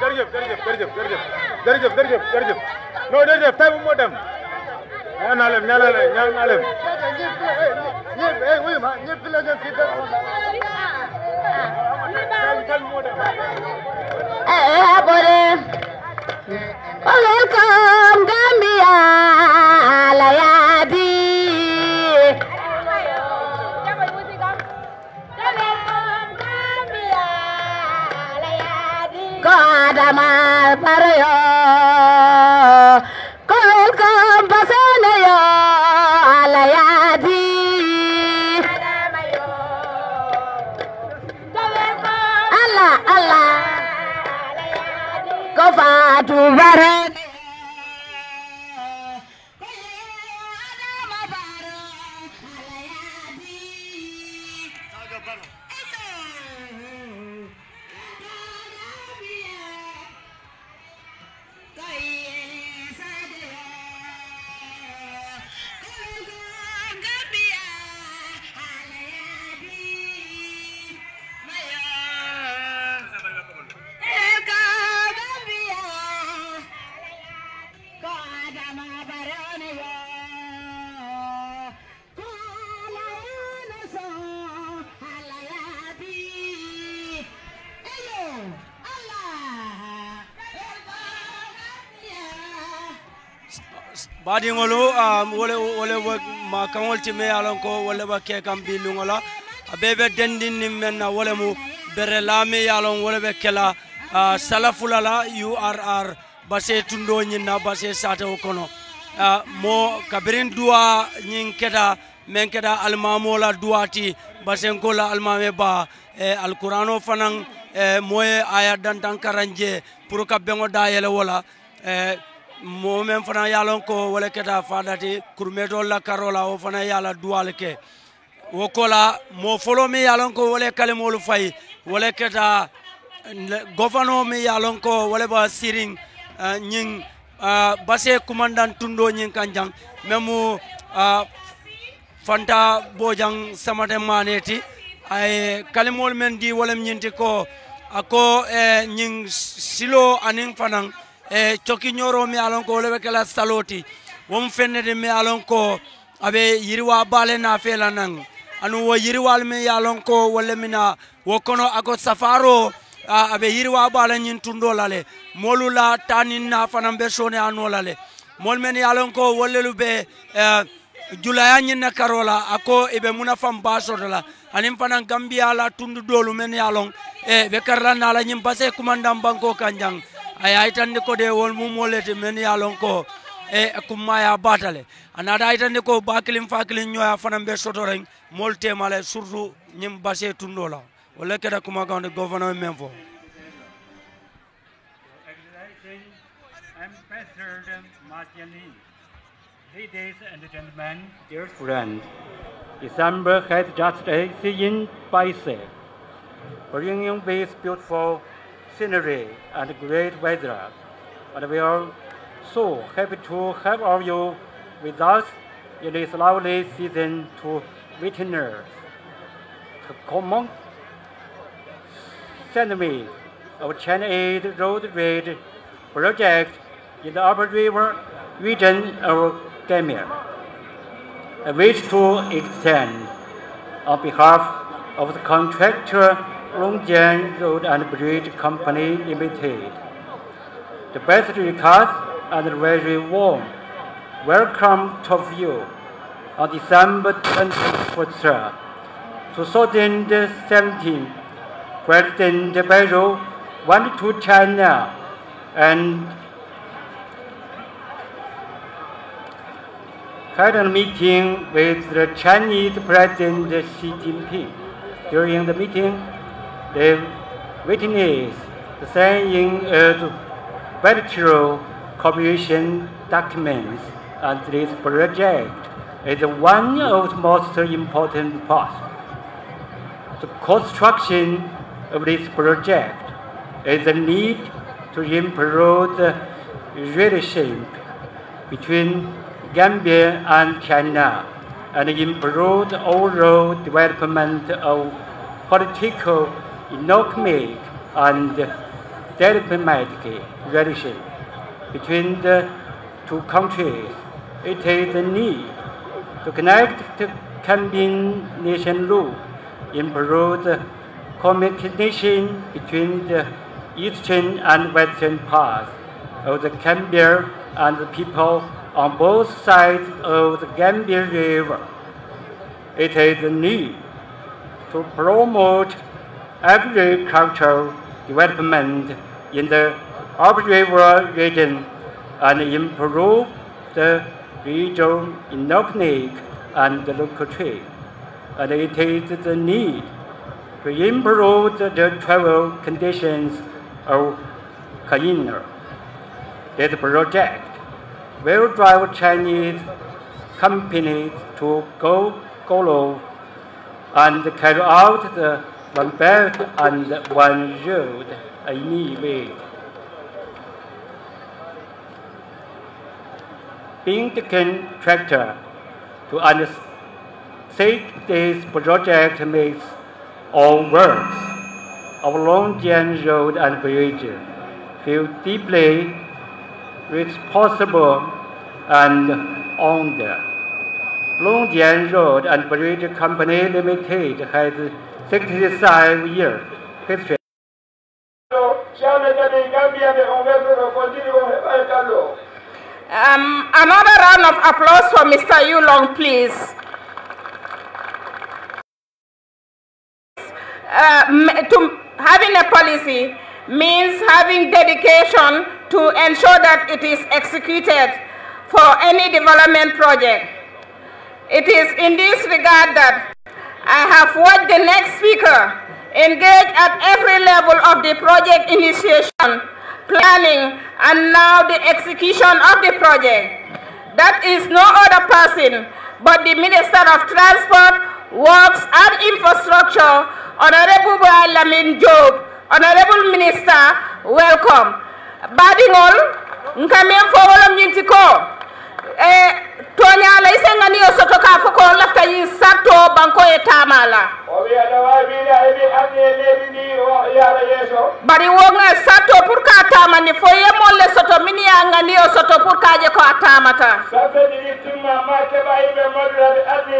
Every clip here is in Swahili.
jërëjëf jërëjëf jërëjëf jërëjëf jërëjëf jërëjëf jërëjëf non jërëjëf tay bu moo dem ñaan naa leen ñaan naa leen ñaan naa leen ñëpp la ngeen fi def eh abore welcome Gambia adama barayo kulko basanayo alayadi Allah Allah ko fatu barayo baadiŋolu ah, wole ma kaŋol ti me ye a loŋ ko wole be ke kaŋ biluŋo la a bee be dendiŋ niŋ meŋ na wole mu bere laami ye a loŋ wole be ke la ah, salafula la urr base tundo ñiŋ na base saatewo kono ah, mo kabiriŋ duwa ñiŋ keta meŋ keta alimamo la duwa ti basenko la alimame ba e, alkurano fanaŋ e, mo ye aya dantaŋ karanje pour ka beŋo daa yele wo la e, moo meŋ fanaŋ ye a loŋ ko wo le keta fadati kurumeetolu la karoo la wo fanaŋ ye a la duwaalu ke wo ko la moo foloo miŋ ye a loŋ ko wo le kalimoolu fayi wo le keta gofanoo miŋ ye a loŋ ko wo le ba siriŋ ñiŋ base kumandaŋ tundo ñiŋ kaŋ jaŋ meŋ mu fanta boojaŋ samate maanee ti a ye kalimoolu meŋ di wo lem ñiŋ ti ko a ko ñiŋ silo aniŋ fanaŋ e coki ñoro mi alon ko le kala saloti wom fenne de mi alon ko abe yiriwa bale na fela nan anu wo yiriwal mi yalon ko wala mina wo kono ako safaro abe yiriwa bale nyin tundo lale molu la tanin na fanan be sone eh, anu lale mol men yalon ko wollelu be julaya nyin na karola ako ibe munafam baso la anin fanan gambia la tundu dolu men yalon e eh, be karla na la nyin base kumandam banko kanjang aya itandi ko de wol mum wolete men ya lon ko e kumma ya batale anada itandi ko bakilim fakilim nyoya fanam be sotoreng molte male surtout nyim basé tundo la wala keda kuma kan de gouverneur même fo Ambassador Martialin. Ladies and gentlemen, dear friends, December has just a season by itself, bringing these beautiful scenery and great weather. And we are so happy to have all you with us in this lovely season to witness. Comment, send me of China Aid Road Raid project in the Upper River region of Gambia. I wish to extend on behalf of the contractor Longjiang Road and Bridge Company Limited. The best regards and very warm welcome to you on December 24th, 2017. President Beirut went to China and had a meeting with the Chinese President Xi Jinping. During the meeting, the witness, signing of bilateral cooperation documents on this project is one of the most important parts. The construction of this project is the need to improve the relationship between Gambia and China and improve the overall development of political milkmaid and diplomatic relation between the two countries. It is the need to connect the nation loop, improve the communication between the eastern and western parts of the Gambia and the people on both sides of the Gambia River. It is the need to promote agricultural development in the Observer region and improve the regional economic and local trade. And it is the need to improve the travel conditions of China. This project will drive Chinese companies to go global and carry out the one pair and one road, a way. Being the tractor to undertake this project makes all works of Longjian Road and Bridge feel deeply responsible and honored. Longjian Road and Bridge Company Limited has 65 years history. Um, another round of applause for Mr. Yulong, please. Uh, to, having a policy means having dedication to ensure that it is executed for any development project. It is in this regard that I have watched the next speaker engage at every level of the project initiation, planning, and now the execution of the project. That is no other person but the Minister of Transport, Works and Infrastructure, Honorable Lamin Job. Honorable Minister, welcome. Badingol, nkamien fo wolom toñala i sengani yo soto ka fo ko lafta yi satto banko e tamala o wiya ɗowabila leydi ndi yaara yeeso bari wonga satto pour ka tamani fo ye molle soto min yangani yo soto pour kaje ko a tamata sabeji ɗi ma keɓa yimɓe moɗɗiraɓe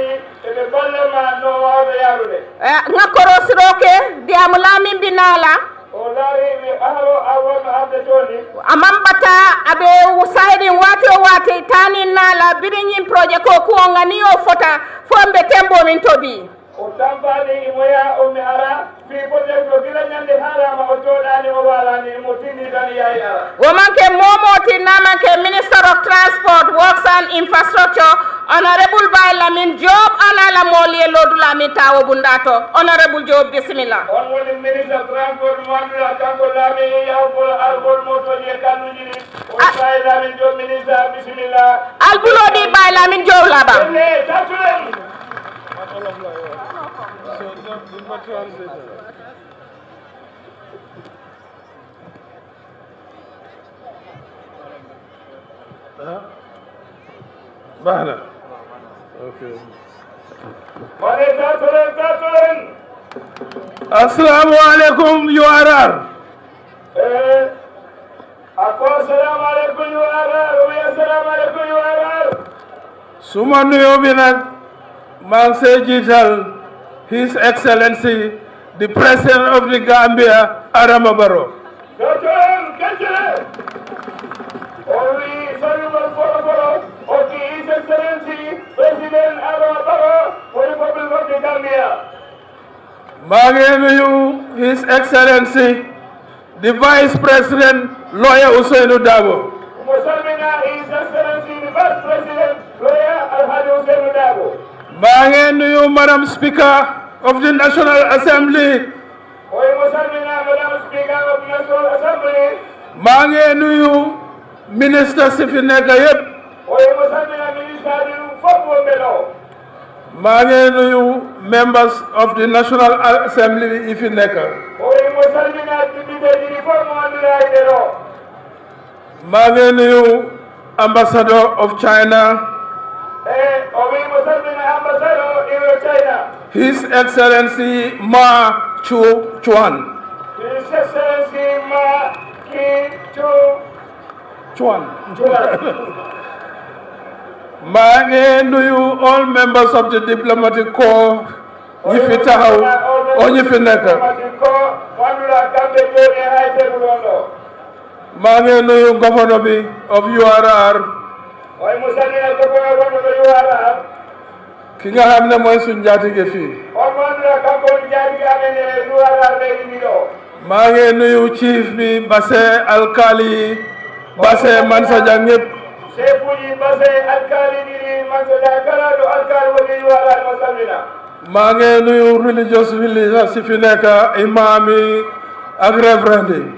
eɓe gollema no wawɓe yaarude eh, ngakkoro siroke ndiyamo lamin binala amambata aɓe usaidi wati o tani tanin naala birinyin projet ko kuonga ni o fota fombe tembo min tan faali imo yaa ummi ara fi potel to of transport works and infrastructure honorable bay lamin job alala molie lodulamin tawo bunda to honorable job bisimilla on woni ministre transport mo annduɗa kanko laami yawgol argol motoji e kannuji ɗi Bana. Okay. Manevzatörün, zatörün. Assalamu alaikum, yuarar. Ee, akwa selamu alaikum, yuarar. Uya selamu alaikum, yuarar. Suma nuyo binan, man se jital. His Excellency, the President of the Gambia, Arama Barrow. of His Excellency, President the Republic of the Gambia. His Excellency, the Vice President, Lawyer Usainu Dabo. His Excellency, the Vice President, Lawyer Alhaji Usainu Dabo. maa ngi nuyu madam speaker of the national assembly. maa ngi nuyu ministre si fi nekk yëpp. maa ngi nuyu members of the national assembly yi fi nekk. maa ngi nuyu ambassador of China. His Excellency Ma Chu Chuan. His Excellency Ma Ki Chu Chuan. Chuan. Mange do all members of the diplomatic corps Yifitahau Onyifineka. Mange do you governor of URR waaye mu sànni al ko koy won ko yuwala ki nga xam ne mooy suñ njaatige fii omonla kanko njaatige amene yuwala leydi ndi ɗo maa ngi nuyu chief bi Basse alkali Basse Mansajang ñëpp chef uji Basse alkali ɗiɗi Mansajang kala ɗo alkali woni yuwala mo salmina maa ngi nuyu religious religious si fi nekk imam yi ak révérend yi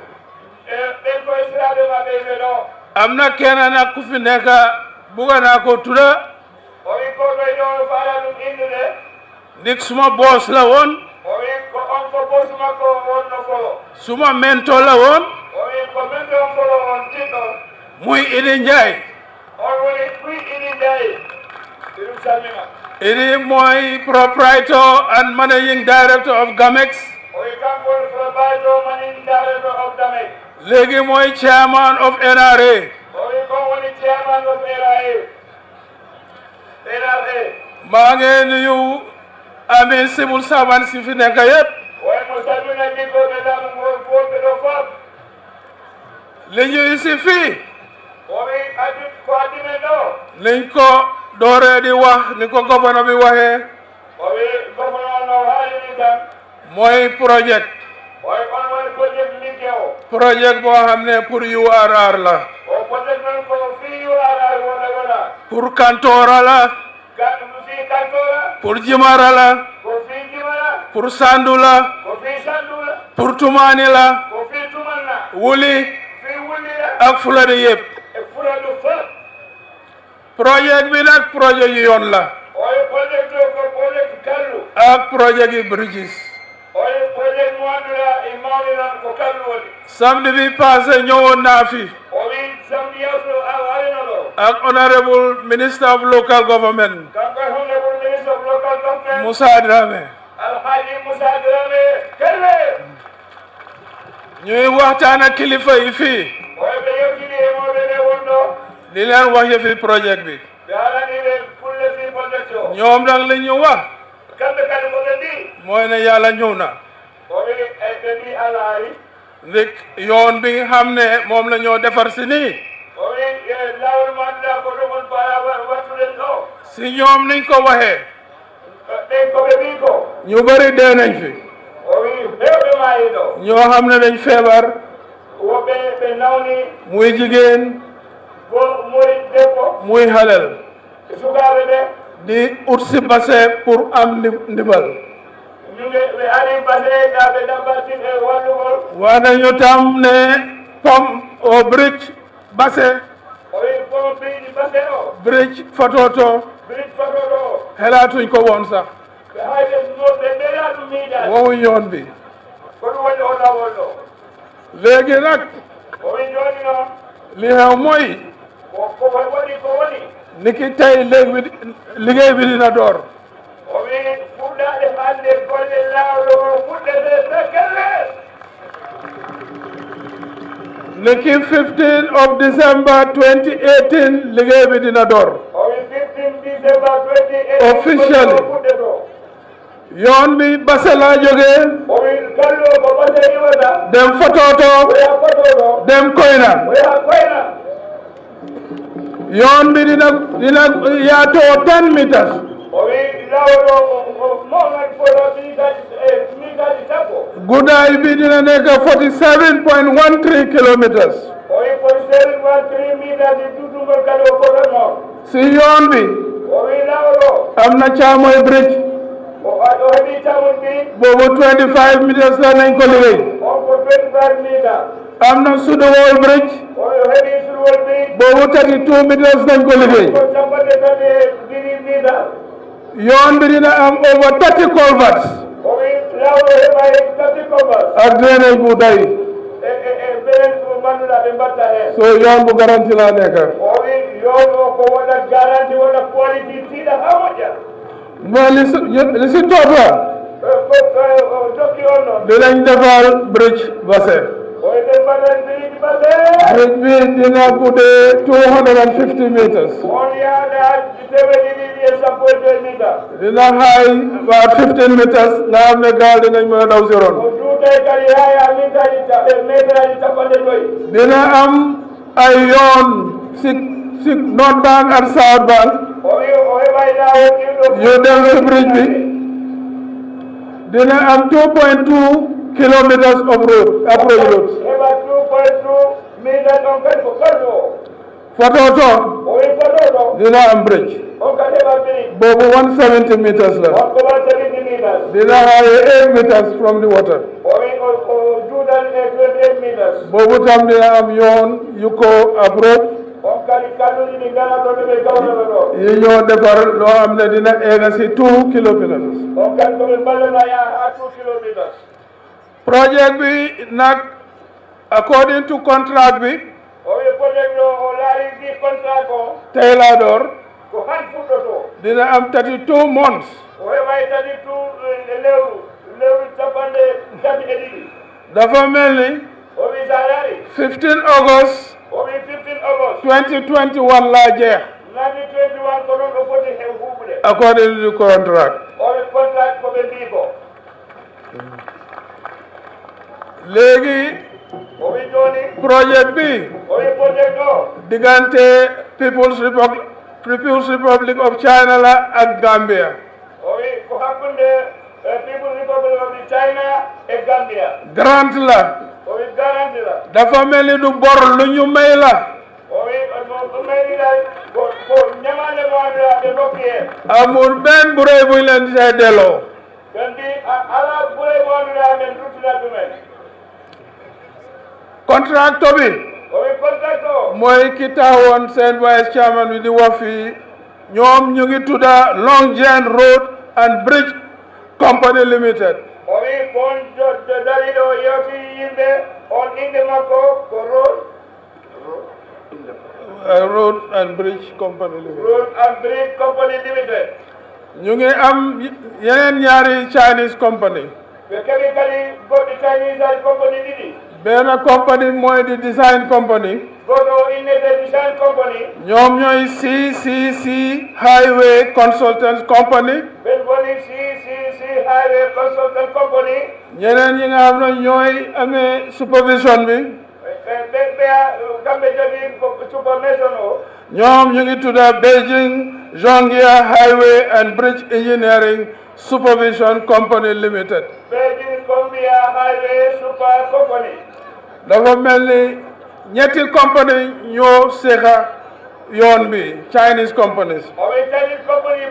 ɓen koye am na kena nak ku fi nekk bugana ko tuda o ko ɗoy ɗo faala ɗum innude suma boos la woon suma mento la woon muy Idi Njaay Njaay ɗum mooy proprietor and managing director of Gamex o wi kanko proprietor managing director of Gamex léegi mooy chairman of NRA. mooy ko woni chairman of NRA. NRA. maa ngi nuyu ami nekk yëpp. waaye mu sabina ni ko ne la mu foofu do mooy aju ko adina do. niñ ko mooy gouverneur mooy kon boo xam ne pour URR la pour Kantoora la pour Jimara la ko fi Jimara pour Sandu la ko fi Sandu la pour Tumaani la ko fi Tumaan la Wuli fi Wuli la ak Fuladu yëpp ak e, Fuladu fa projet bi nag projet la ooy projet ko projet ak projet yi Bridges oye boƴe moanira ñowon naafi o wi samedi yawto ak honorable ministre of local government kanko honorable ñuy waxtaan ak kilifa yi fii li leen wax yëfi fi projet o ñoom nag li ñu wax mooy ne yàlla ñëw na ndik yoon bi xam ne moom la defar si nii si ñoom niñ ko waxee ñu bëri dee nañ fi ñoo xam ne dañ feebar muy jigéen muy xalel di ut si base pour am ndimbal waɗaño tam ne pom o bridge base bridge photo to helatuñ ko won sa bi léegi nag li xew mooy niki tey léegi liggéey bi dina door omin fuɗɗaɗe ɓalɗe golle laawɗo o fuɗɗete sakkelle leki 15 of december 2018 liggéey bi dina door omin 15 december 2018 officially yoon bi base laa jógee omin gallo ko base iwata dem fototo dem koyna yoon bi dina dina yaatoo 10 meters guddaay bi dina nekk forty seven point one three kilometers si yoon bi am na caamoy bridge boobu twenty five meters la nañ ko am na Suduwol bridge boobu thirty two meters lañ ko yoon bi dina am thirty culverts. ak drainage bu so yoon bu garanti laa nekk. mais li si li si defar bridge bassin. Bridge will dina bude 250 meters. Dina high about 15 meters na am na gaal dinañ mën a daw si ron. Dina am ay yoon si si north bank ak Yu dem si bridge Dina am 2.2 kilometers of road, approach road. Fatoto, Dila Bridge, Bobo 170 meters level. Dila high 8 meters from the water. Bobo Tamdila Avion, Yuko Abroad. yi ñoo defar two kilometers projet bi nag according to contract bi owi projet ɗo o laari ndi contrat o teyla ɗor ko han fuɗɗoto dina am thirty two months owe way thirty two lewru eh, lewru capanɗe tati e ɗiɗi dafa mel ni owi sa yaari 15 august owi 15 august 2021 laa jeex nani 21 ko noon o foti hew huɓude according to contract owi contract ko ɓe mbi ko léegi. omi bi. diggante People's Republic of China la ak Gambia. Eh, grant la. dafa mel ni du bor lu ñu may la. amul benn bu bu ñu leen say delloo. contract bi moy ki taxawoon sen vice chairman bi di wax ñom ñu ngi tuda Long Jane Road and Bridge Company Limited owi kon daliɗo yewti on inde ko road uh, road and bridge company limited road and bridge company limited ñu ngi am yeneen ñaari Chinese company ɓe kali kadi Chinese company ɗiɗi benn compagnie mooy di design company. goɗɗo inde de design company. ñoom ñooy CCC highway consultant company. ɓen woni CCC highway consultant company. ñeneen ñi nga xam amee supervision bi. ɓe ɓe kamɓe o. ñu ngi tudda Beijing Zhongya Highway and Bridge Engineering Supervision Company Limited. Beijing Zhongya Highway Super Company. dafa mel ni ñetti compagnie ñoo seexa yoon bi Chinese companies. omi Chinese company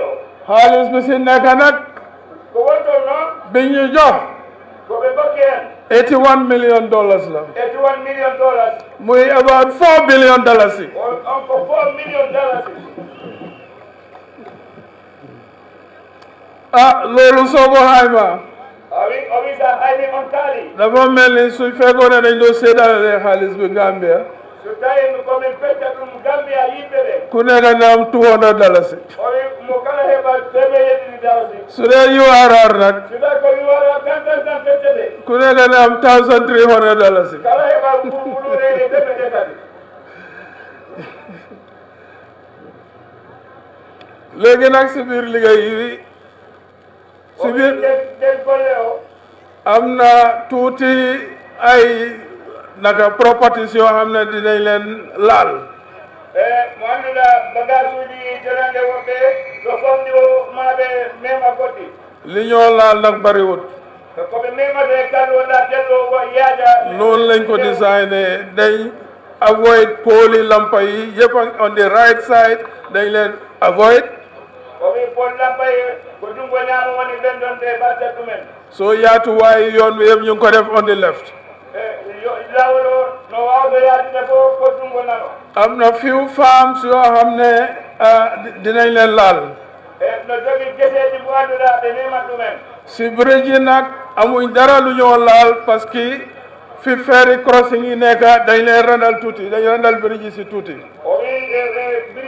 o haalis bi si nekk nag bi ñu jox ko ɓe bakki dollars la 81 about 4 billion dollars yi on ko 4 million dollars dafa mel ni su fekkoon ne dañ doon séddale xaalis bi Gambia. su tawi mi komin fecca ɗum gambia yimɓe ɓe kuneka nam two hundred dalasi oyi mo kala heɓa debe yeɗiɗi dalasi suɗe urr nag suɗa ko urr tan tan tan fecce ɗe kuneka nam thousand three hundred dalasi kala heɓa ɓuɓɓuɗoɗeɗe debe ɗe kadi si biir na tuuti ay naka properties yoo xam ne dinañ leen laal. mohammed o maɓe mema goɗɗi liñoo laal nag bariwut koɓe memata ko yaaja noon lañ ko designé dañ avoid pooli lampa yi yëpp on the right side dañ leen avoid komi bolla baye ko jungo ñaamo woni ɓendonde barka ɗumen so yaatu wawi yon yeb ñun ko def on the left e, lawol o no wawɓe yaadine fof ko jungo nano am na few farms yo xam ne dinañ leen laal e, no jogi geseji mo annduɗa ɓe miman ɗumen si bridge nag amuñ dara lu ñoo laal parce que fi ferry crossing yi nekk dañ leen randal tuuti dañ randal bridge si tuuti e,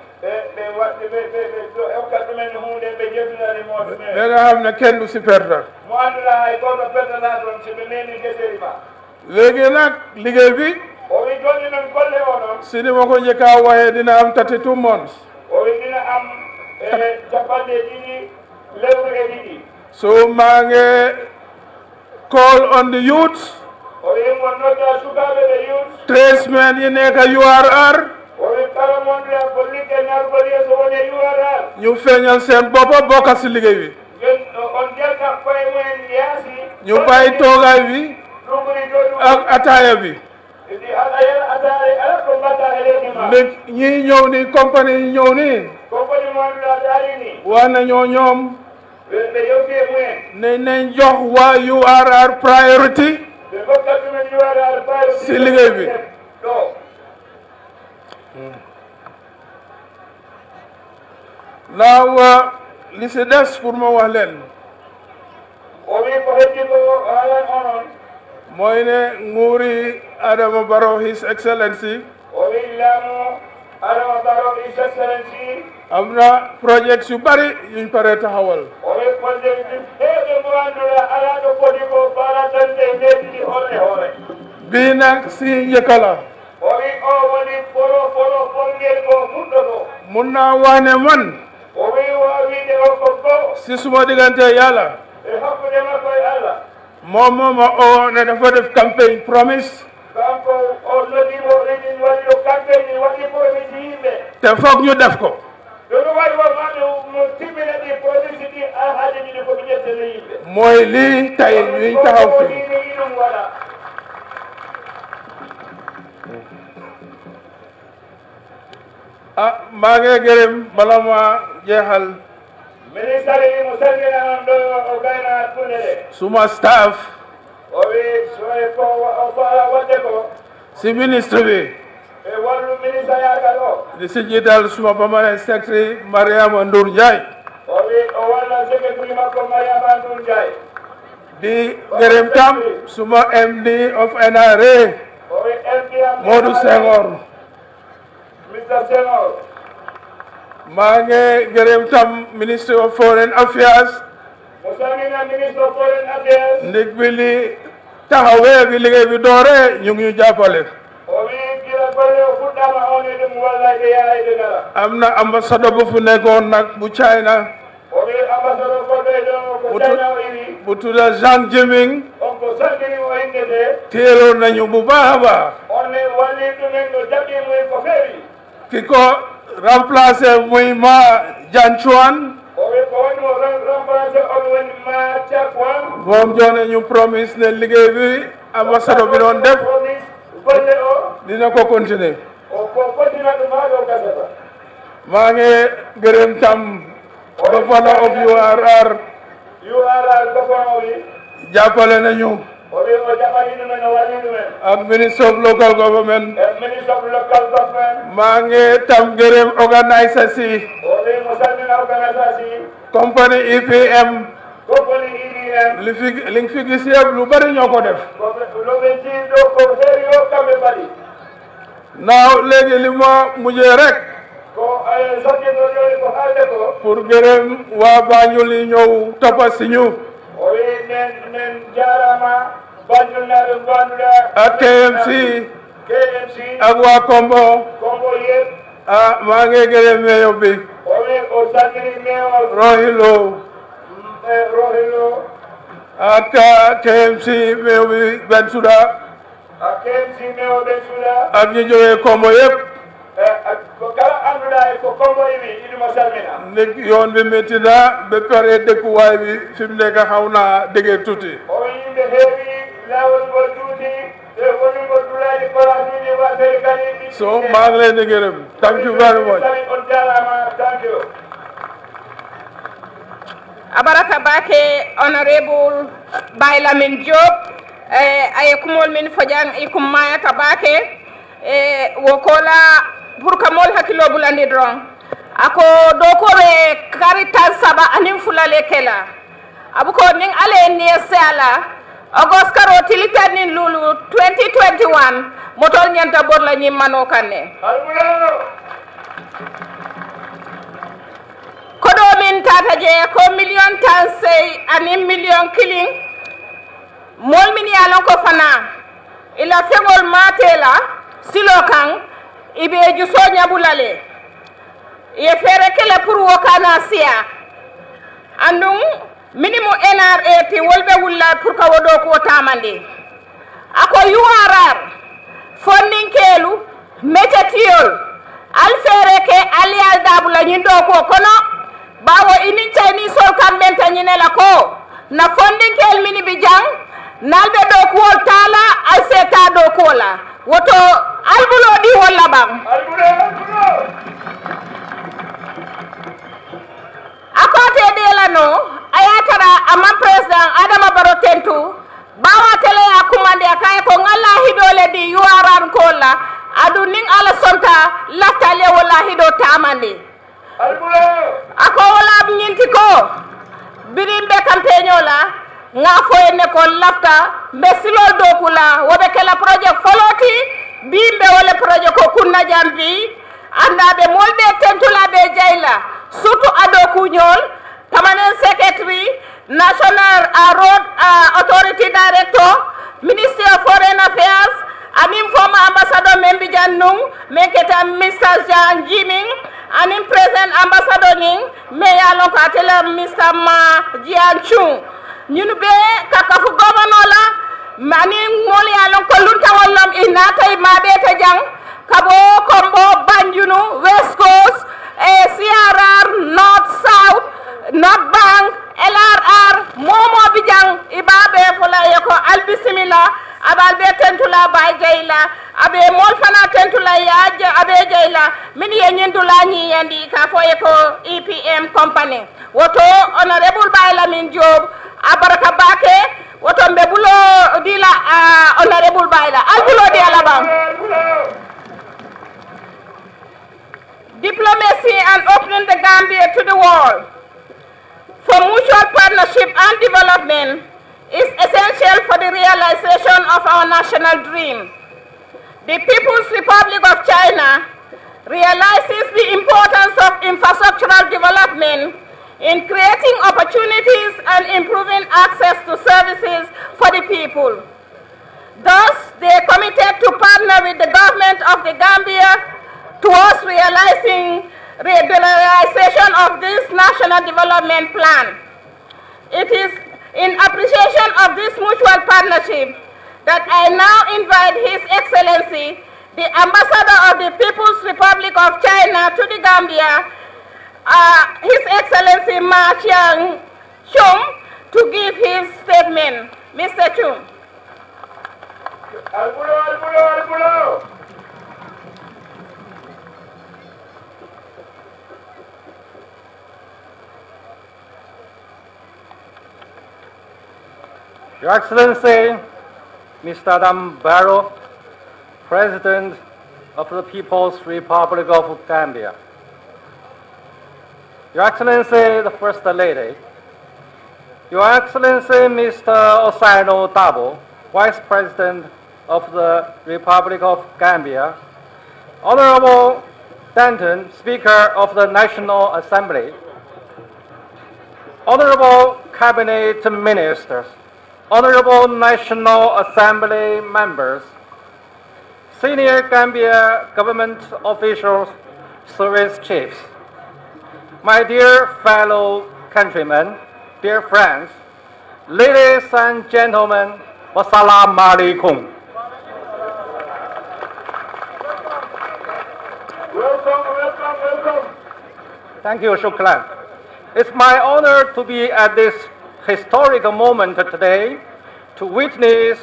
ɓe ɓe waɗɓe hamna kenndu si perda mo annduɗa hay bi o wi jonni noon golle dina am tati two months o wi dina call on the youth o wi mo nodda sukaɓe ɓe youth woni kala monɗo ko ligge ñu feeñal seen boppa bokkat si liggéey bi ñu bàyyi toogaay bi ak ataaya bi léeg ñii ñëw ni compagnie yi ni compagnie monɗo ataari ni ne jox waa URR priority ɓe priority si liggéey bi daaw li si des pour ma wax leen omi poxettiko haalan onon mooy ne nguuri Adama Barrow his excellency omi laamu Adama Barrow his excellency am na projets yu bari yuñ pare taxawal omi projet ɗi feeɓe mo anndula alaa ɗo foti ko nag si njëkk la o woni ɓoro ɓoro ɓolgel ngo fuɗɗoto munna wane man o wi o ko goo sisumo digante o nene promise te fof ñu def ko ɗoɗum waɗi wo maɗo no timmina ɗi promise ɗi a haaji ɗiɗi koɓe fi ah maa ngi gërëm bala ma jeexal ministre yi mu salminanan ɗo o gayna kunele suma staff o wi soye ko wadde ko si ministre bi e eh, wallu ministre yagal o ni si jiital suma permanent secretary mariama ndour ndiaye o oh wi o oh, walla secretary makko mariama ndour ndiaye di gërëm tam suma md of nra oh modou senghor Mr. General. maa ngi gërëm tam Minister of foreign affairs. mosaani na Minister of foreign affairs. ndig bi li taxawee bi liggéey bi dooree ñu ngi ñu jàppale. am na ambassadeur bu fu nekkoon nag bu China. bu tudda Zhang Jiming. teeloon nañu bu baax a baax. ki ko remplacé muy Ma Dianchuan. moom joone ñu promise ne liggéey bi ambassadeur bi doon def dina ko continuer. maa ngi gërëm tam Dofana of URR. URR Dofana bi. jàppale ak ministre eh, of local government. maa ngi tam gërëm organisation. company EPM. E li fi li fi gis yëpp lu bari ñoo ko def. naaw léegi li ma mujjee rek. pour waa Banjul yi ñëw toppat si o wi nen nen jarama bandulnaɓe banduɗa ak wa combo combo yeb a maa ngi gërëm rohilo ak kmc meyo bi bensuɗa a kmc ak ñu jógee combo Eh, ko kala annduɗa e ko kongoye wi iɗuma salmina nek yon ɓe mettina ɓe pere dekkuway wi fimne ka hawna dege tuti o yimɓe heewi lawol ngol juuti e woni ngol dulaji korasini e wasere e so magleyde guerem thank you thank you abarata bake honorable baylamin diop e aye kumol min foƴan e kummayata bake e wokola pour que mool hakkilo bulandi doron ako dokore kari tan saba anin fulale kela abuko ko nin ale niye seala ogos karo tilita nin lulu 2021 motol nyanta borla nyi mano kanne kodo min tata je ko million tan sey anin million kilin mol min yalon ko fana ila fegol matela silo kan ibeju soña bulale ye fere kele pour wo kana siya andum minimu nra ti wolɓe wulla pour ka woɗo ko tamande ako urr fonninkelu metetiyol alfere ke aliyal dabula ñin ɗo ko kono bawo inin caynisol kamɓen ñinela ko na fondinkel mini bi jang nalɓe ɗo kuwol tala alseta ɗo kuwola woto albulo ɗi holla ɓam akate ɗelano a yatara amman président adama baro tentu bawatele a kumande a kaye ko ngalla hiɗole ɗi yuwarankolla aɗum nin ala sonta laftale walla hiɗo tamande ako wala am ñinti ko birimɓe campagne o la nga foyenne kon lafta mbe silol dow kula woɓe kela projet foloti bimɓe wole projet ko kunna jambi annaɓe molɓe tentulaɓe jayla surtout aɗo kuñol tamanen secretary national a road uh, authority director ministry foreign affairs anin former ambassador men mbijan num min keta mr jean jimin anin présent ambassador nin mais yalon ko ateler mr ma jian cung ñun be kakafu governo la mani mol yalon ko lunta wallom e natay maɓe to jang kabo kombo banjunu west coast e crr north south north bank lrr momoɓe jang ibaɓe fulaye ko albisimila aɓal ɓe tentula ba jeyla aɓe mol fana tentula ya aɓe jeyla min ye ñindula ñiyandi ka foye ko epm company woto honorable baylamin diobe abaraka bake woton dila honorable bayla alabam diplomacy and opening the gambia to the world for mutual partnership and development is essential for the realization of our national dream the people's republic of china realizes the importance of infrastructural development in creating opportunities and improving access to services for the people. Thus, they committed to partner with the government of the Gambia towards realizing realization of this national development plan. It is in appreciation of this mutual partnership that I now invite His Excellency, the Ambassador of the People's Republic of China to the Gambia, uh, His Excellency Ma Chiang Chum to give his statement. Mr. Chum. Albulo, albulo, albulo. Your Excellency, Mr. Dambaro, President of the People's Republic of Gambia. Your Excellency, the First Lady, Your Excellency, Mr. Osano Dabo, Vice President of the Republic of Gambia, Honorable Danton, Speaker of the National Assembly, Honorable Cabinet Ministers, Honorable National Assembly members, Senior Gambia Government officials, Service Chiefs, my dear fellow countrymen, dear friends, ladies and gentlemen, wassalamu alaikum. Welcome, welcome, welcome. Thank you, Shukran. It's my honor to be at this historic moment today to witness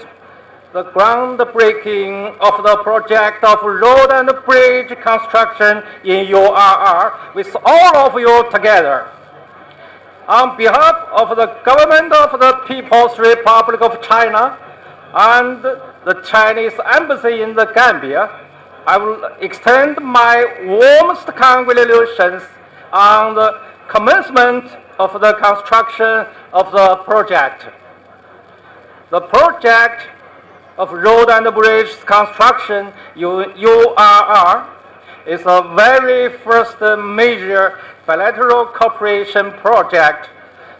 the groundbreaking of the project of road and bridge construction in URR with all of you together. On behalf of the government of the People's Republic of China and the Chinese Embassy in the Gambia, I will extend my warmest congratulations on the commencement of the construction of the project. The project of road and bridge construction, URR, is the very first major bilateral cooperation project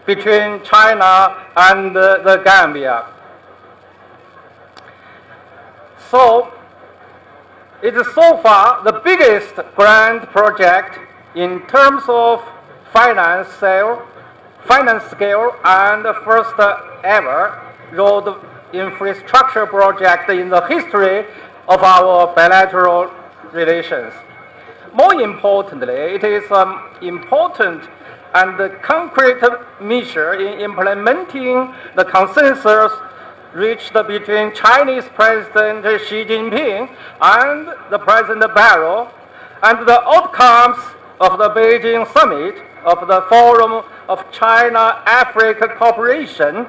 between China and the Gambia. So, it is so far the biggest grant project in terms of finance, sale, finance scale and first ever road infrastructure project in the history of our bilateral relations. More importantly, it is an um, important and concrete measure in implementing the consensus reached between Chinese President Xi Jinping and the President Barrow and the outcomes of the Beijing summit of the Forum of China-Africa Cooperation.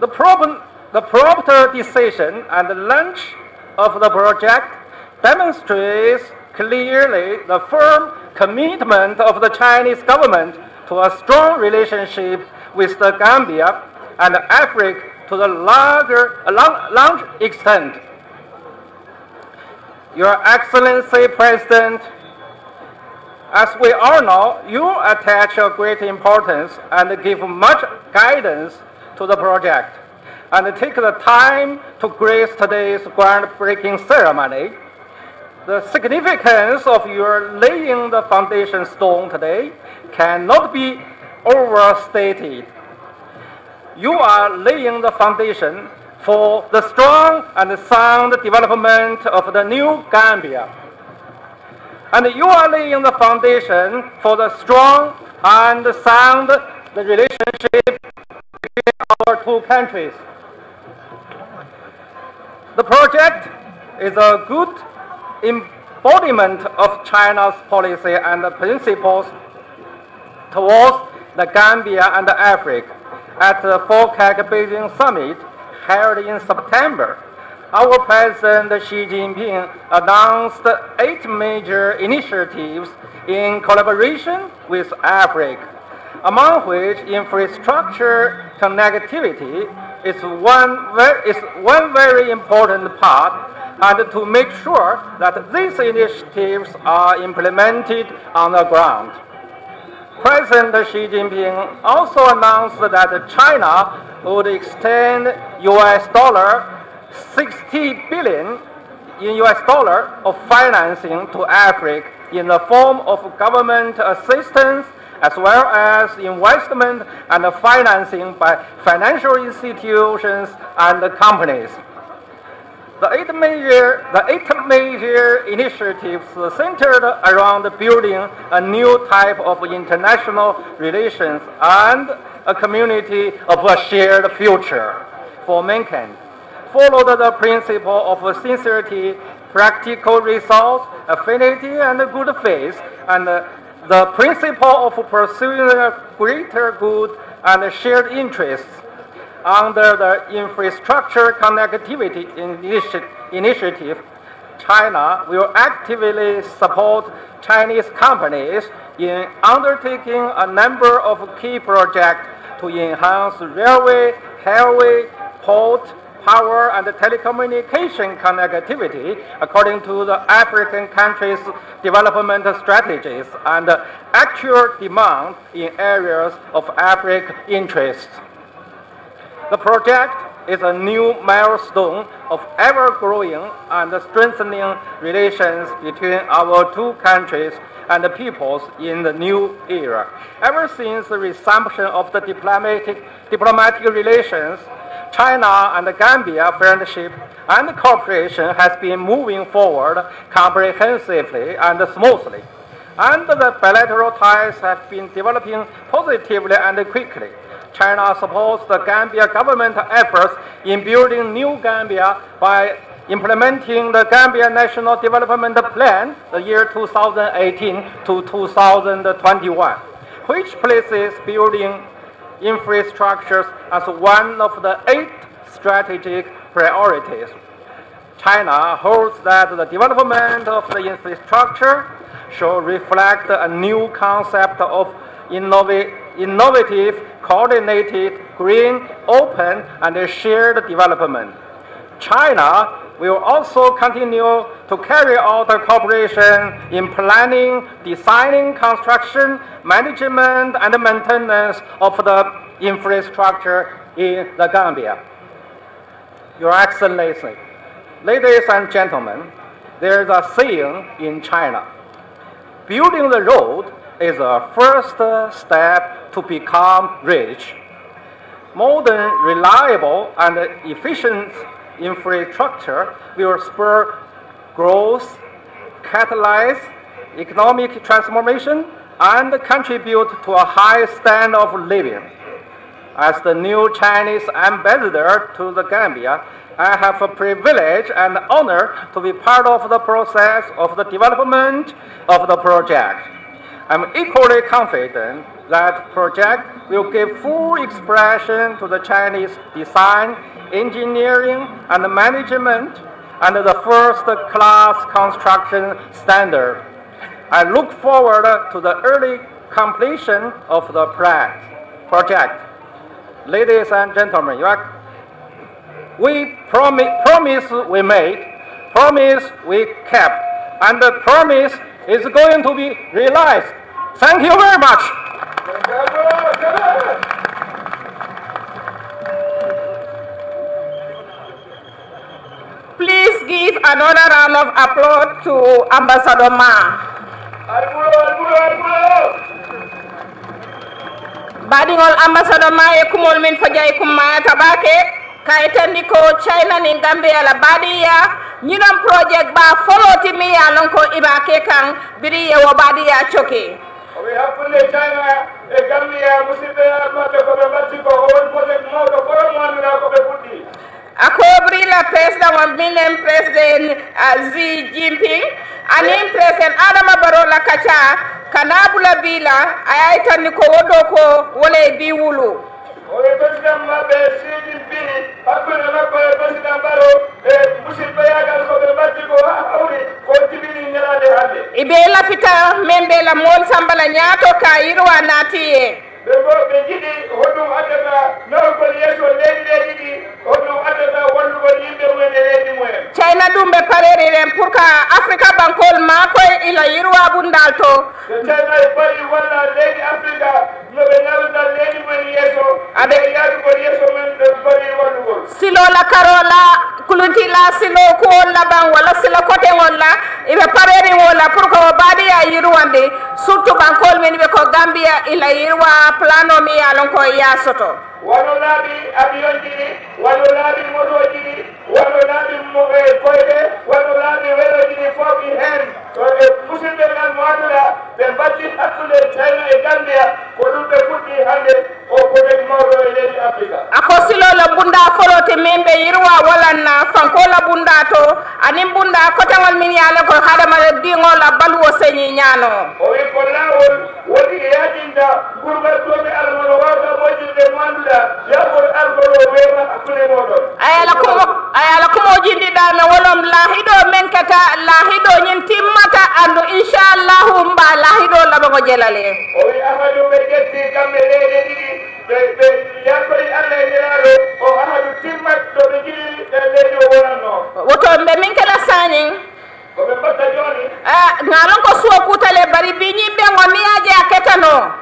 The problem the prompt decision and launch of the project demonstrates clearly the firm commitment of the Chinese government to a strong relationship with the Gambia and Africa to the larger, large, extent. Your Excellency President, as we all know, you attach a great importance and give much guidance to the project and take the time to grace today's groundbreaking ceremony. The significance of your laying the foundation stone today cannot be overstated. You are laying the foundation for the strong and sound development of the new Gambia. And you are laying the foundation for the strong and sound relationship between our two countries. The project is a good embodiment of China's policy and principles towards the Gambia and Africa. At the 4CAC Beijing summit held in September, our President Xi Jinping announced eight major initiatives in collaboration with Africa, among which infrastructure connectivity is one, very, is one very important part and to make sure that these initiatives are implemented on the ground. President Xi Jinping also announced that China would extend US dollar 60 billion in US dollar of financing to Africa in the form of government assistance as well as investment and financing by financial institutions and companies. The eight major, the eight major initiatives centered around building a new type of international relations and a community of a shared future for mankind. Followed the principle of sincerity, practical results, affinity, and good faith, and the principle of pursuing greater good and shared interests under the Infrastructure Connectivity Initi Initiative, China will actively support Chinese companies in undertaking a number of key projects to enhance railway, highway, port, power and telecommunication connectivity according to the African countries' development strategies and actual demand in areas of African interest. The project is a new milestone of ever-growing and strengthening relations between our two countries and the peoples in the new era. Ever since the resumption of the diplomatic, diplomatic relations China and Gambia friendship and cooperation has been moving forward comprehensively and smoothly, and the bilateral ties have been developing positively and quickly. China supports the Gambia government efforts in building New Gambia by implementing the Gambia National Development Plan, the year 2018 to 2021, which places building infrastructures as one of the eight strategic priorities. China holds that the development of the infrastructure should reflect a new concept of innov innovative, coordinated, green, open, and shared development. China will also continue to carry out cooperation in planning, designing, construction, management, and maintenance of the infrastructure in the Gambia. Your Excellency, ladies and gentlemen, there is a saying in China, building the road is the first step to become rich. Modern, reliable, and efficient infrastructure will spur growth, catalyze economic transformation, and contribute to a high standard of living. As the new Chinese ambassador to the Gambia, I have a privilege and honor to be part of the process of the development of the project. I'm equally confident that project will give full expression to the Chinese design engineering and management and the first class construction standard. I look forward to the early completion of the project. Ladies and gentlemen, we promi promise we made, promise we kept, and the promise is going to be realized. Thank you very much. Please give another round of applause to Ambassador Ma. Badingol Ambassador Ma e kumol min fajai kumma tabake kaitandi ko China ni Gambia la badia nyidon project ba follow ti mi ya non ko ibake kan biri ye wo badia choki. We have to China e Gambia musibe ma be ko be ko project mato ko ko mo na ko puti akobri la président wa minem président uh, ah, Xi Jinping anin président Adama Barrow la kacha kanabula bila ayaitanni ko wodo ko wole bi wulu oye président maɓe Xi Jinping hakkunde la e président Barrow e eh, musidɓe yagal koɓe mbaddi ko ha hawri ko tibini ñalade hande ibe lafita men de la mool sambala ñaato ka yirwa naati ɓe ɗo ɓe jiɗi hoɗum addata nawgol yeeso leydi leydi ɗi hoɗum addata wallugol yimɓe mumen e leydi mumen ceyna ɗum ɓe pareri ren pour que africa bankol makoye ila yirwa bundal to so ceyna e payi walla leydi africa noɓe nawdal leydi mumen yeeso aɓe yaadugol yeeso men ɓe bari wallugol silola karola kulutila silo kuwol laban walla sila coté ngol la iɓe pareri ngol pour que o baɗiya yirwande surtout bankol men ɓe ko gambia ila yirwa plano mi ye lon ko ye a soto wano laabi avion jiɗi wano laabi moto jiɗi wano laabi koyɗe wano laabi welo jiɗi fof i heen to ɓe musidɓe men mo ɓe mbattin hakkude china e gambia ko ɗum ɓe fuɗɗi hannde o projet mawɗo e leydi africa ako silolo bunda folote min ɓe yirwa walanna fankola bunda to anin bunda kotaŋol min yaale ko haɗamare diŋol a baluwo señi ñaano o wi ko lawol woni yajinta gurgal domi almano wawta moƴƴirde mo ayala kumo ayala kumoji ndiɗame wolom laahiɗo men kata laahiɗo ñin timmata andu inchallahu mba laahiɗo laɓe ko jelale en o wi ahadu ɓe jetti kamɓe leyɗe ɗiɗi ɓe ɓe yarkoy allah e niraɗo o ahadu timmat to ɓe jii leydi o wonanno woto ɓe min kala sanin koɓe batta joni eh, ngalon ko suwo kutale bari bi ñimɓe ngo miyaje a ketano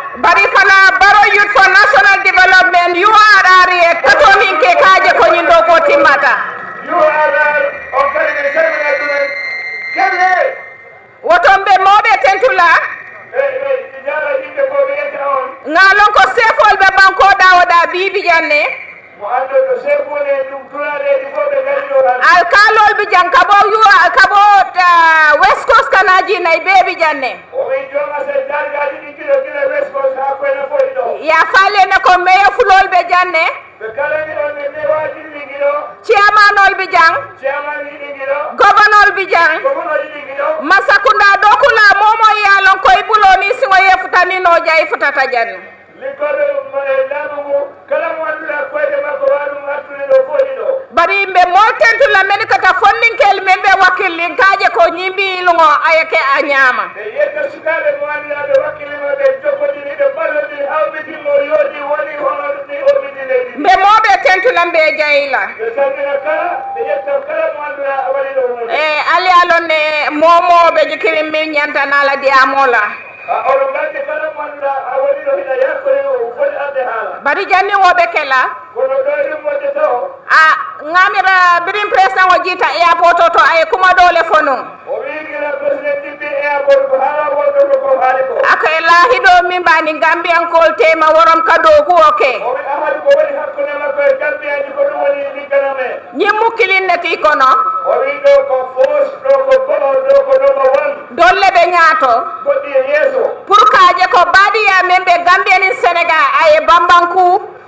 barikala baro youth for national development urr e katomin ke kaje ko nyindo ko timmata urr organique semine ɗume kelle woton ɓe mawɓe tentula ngalon ko sefol ɓe bankoɗa oɗa bibi janne alkalol bi jan kabo yu kabo west coast kanaji nay bebi janne ya fale na ko meya fulol be janne chairmanol bi jang governor bi jang masakunda dokula momo yalon koy bulo ni singo yefutani no jay futata janne Eh, bari eh, mbe moltentula men kata fonninkel men ɓe kaje ko ñimbi ilugo ayeke a ñaama ɓe yetta sukaɓe mo annduɗaɓe wakkilinoɓe jokkodiɗi ɓe ballodiri hawɓidimo woni honoɗi oɓidi leydi mbe moɓe tentunan ɓe jayila ɓe sandina eh, kala ɓe kala mo annduɗa waɗi ɗo e ali alon momoɓe jikirin min ñantanala diyamola bari janni wo be kɛ a ŋamira birin président o jiita airport o to aye kuma dole fo nun akay laahiɗo min mbani gambiyankol tema worom ka dogu o ke ñin mukkilinne ti kono dolle ɓe ñaato pour kaaje ko baɗiya men ɓe gambiyanin sénégal aye bambanku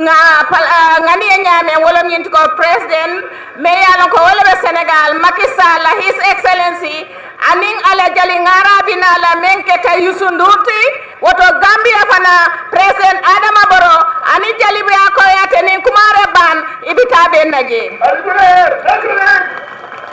nga ngani nyame wolom yinti ko president meyalo ko wolbe senegal Macky Sall his excellency aning ala jali ngarabina la menke ka yusunduti woto gambia fana president adama boro ani jali be akoyate nin kumare ban ibitabe naje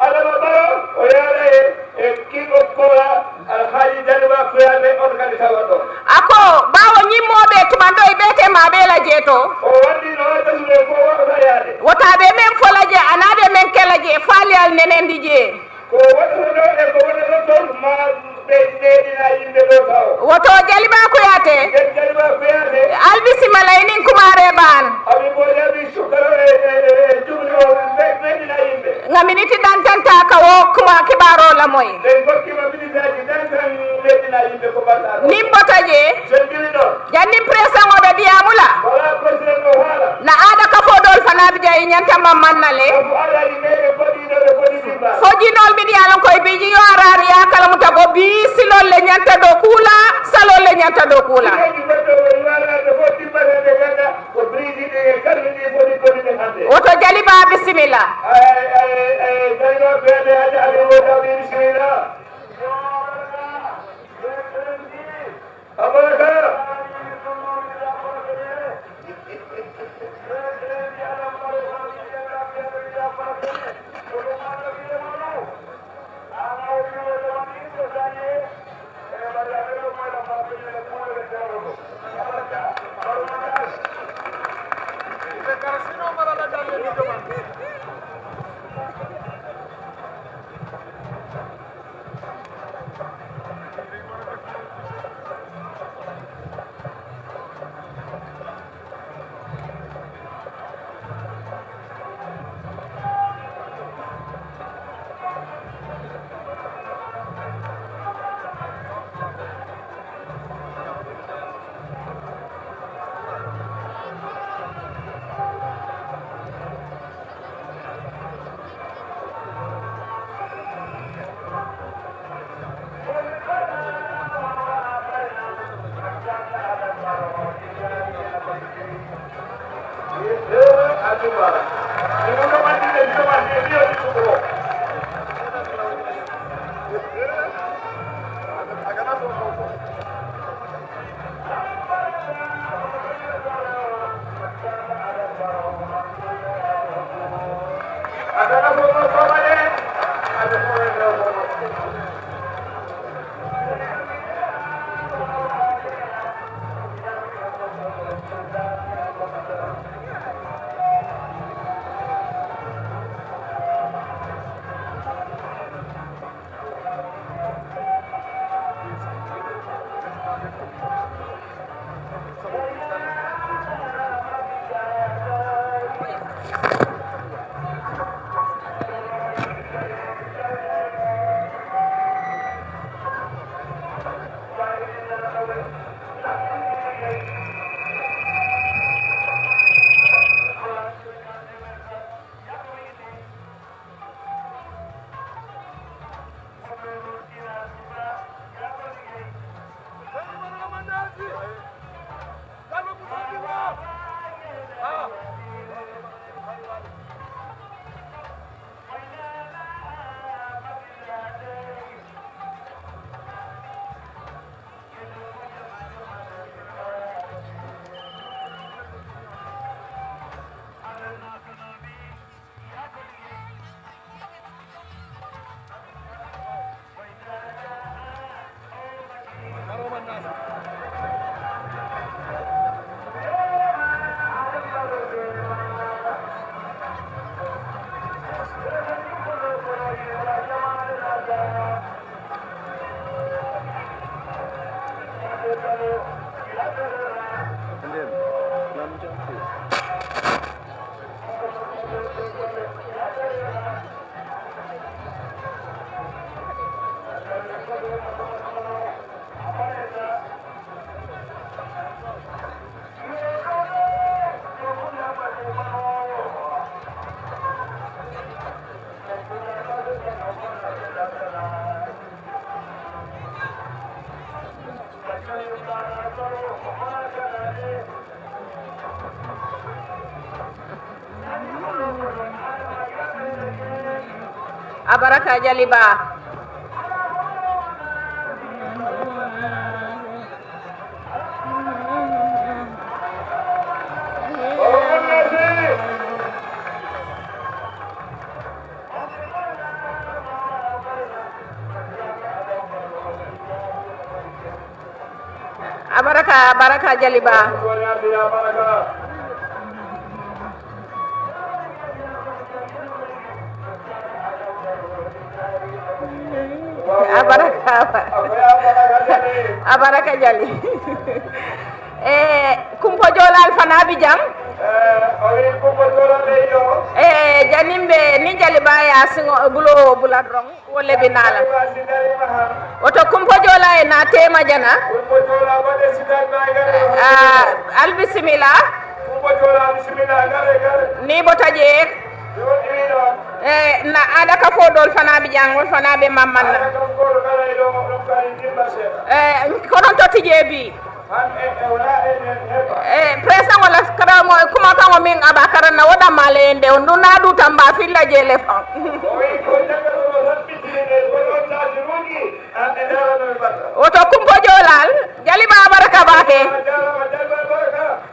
alababaro o yaara ye kiiɗo kola alhaali daniba fuyaɓe on kadi tawa ɗo ako ɓawo ñimmoɓe tumanɗo e ɓeetema ɓeela jeeto o waddi no ɓesule fo waɗata yaade wotaɓe men folaje anaɓe men ke faaliyal nenenndi jee ko waɗata ɗo e ko wonata toon ma woto jaliba kuyate albisi malay nin kumare ban nga miniti dantanta ka wo kuma kibaro la moy nin boto je jannin presan oɓe diyamula na aada kafo dol fanaɓe jayi ñanta mammanna le fo jinol mbiɗi yalon koye biji yo arari yakalamuta bo bi ñanta do kula sa kuula salol le ñantado kuula woto jaliba bisimilla bisimilla saja liba. Baraka, baraka jaliba. Bengali. kumpo jola alfana bijam. Eh, ori eh, kumpo eh, ni jaliba ya singo bulo buladrong wole binala. Oto kumpo jola e na tema jana. Kumpo jola eh, Ni botaje. eyyi eh, eh, na aɗa eh, ka fo ɗon fanaɓe ƴangol fanaɓe mammalla eyyi koɗon totti jeebi eyyi présent walla karamo kuma tan o min aɓa karanna woɗa ma le en nde on ɗum na ɗu tan mba filla jeelefan woto kumpojo laal jali babaraka bake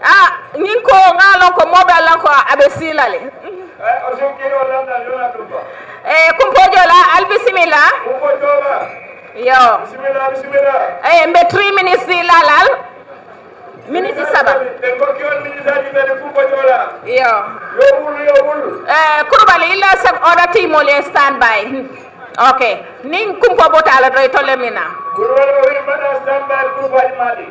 a ñin ah, ko ngalon ko moɓe allan ko aɓe siilale e kumpojola albisimilla yo eyi eh, mbe tri ministre lalal miniti saba ɓe gokkiwon ministaji ɓene yo yo wul yo wul e eh, kurbali illa sef oɗo timol e stand by ok nin kumpo botala doy tolle mina kurbali o wi mbaɗa stand by kurbali maɗi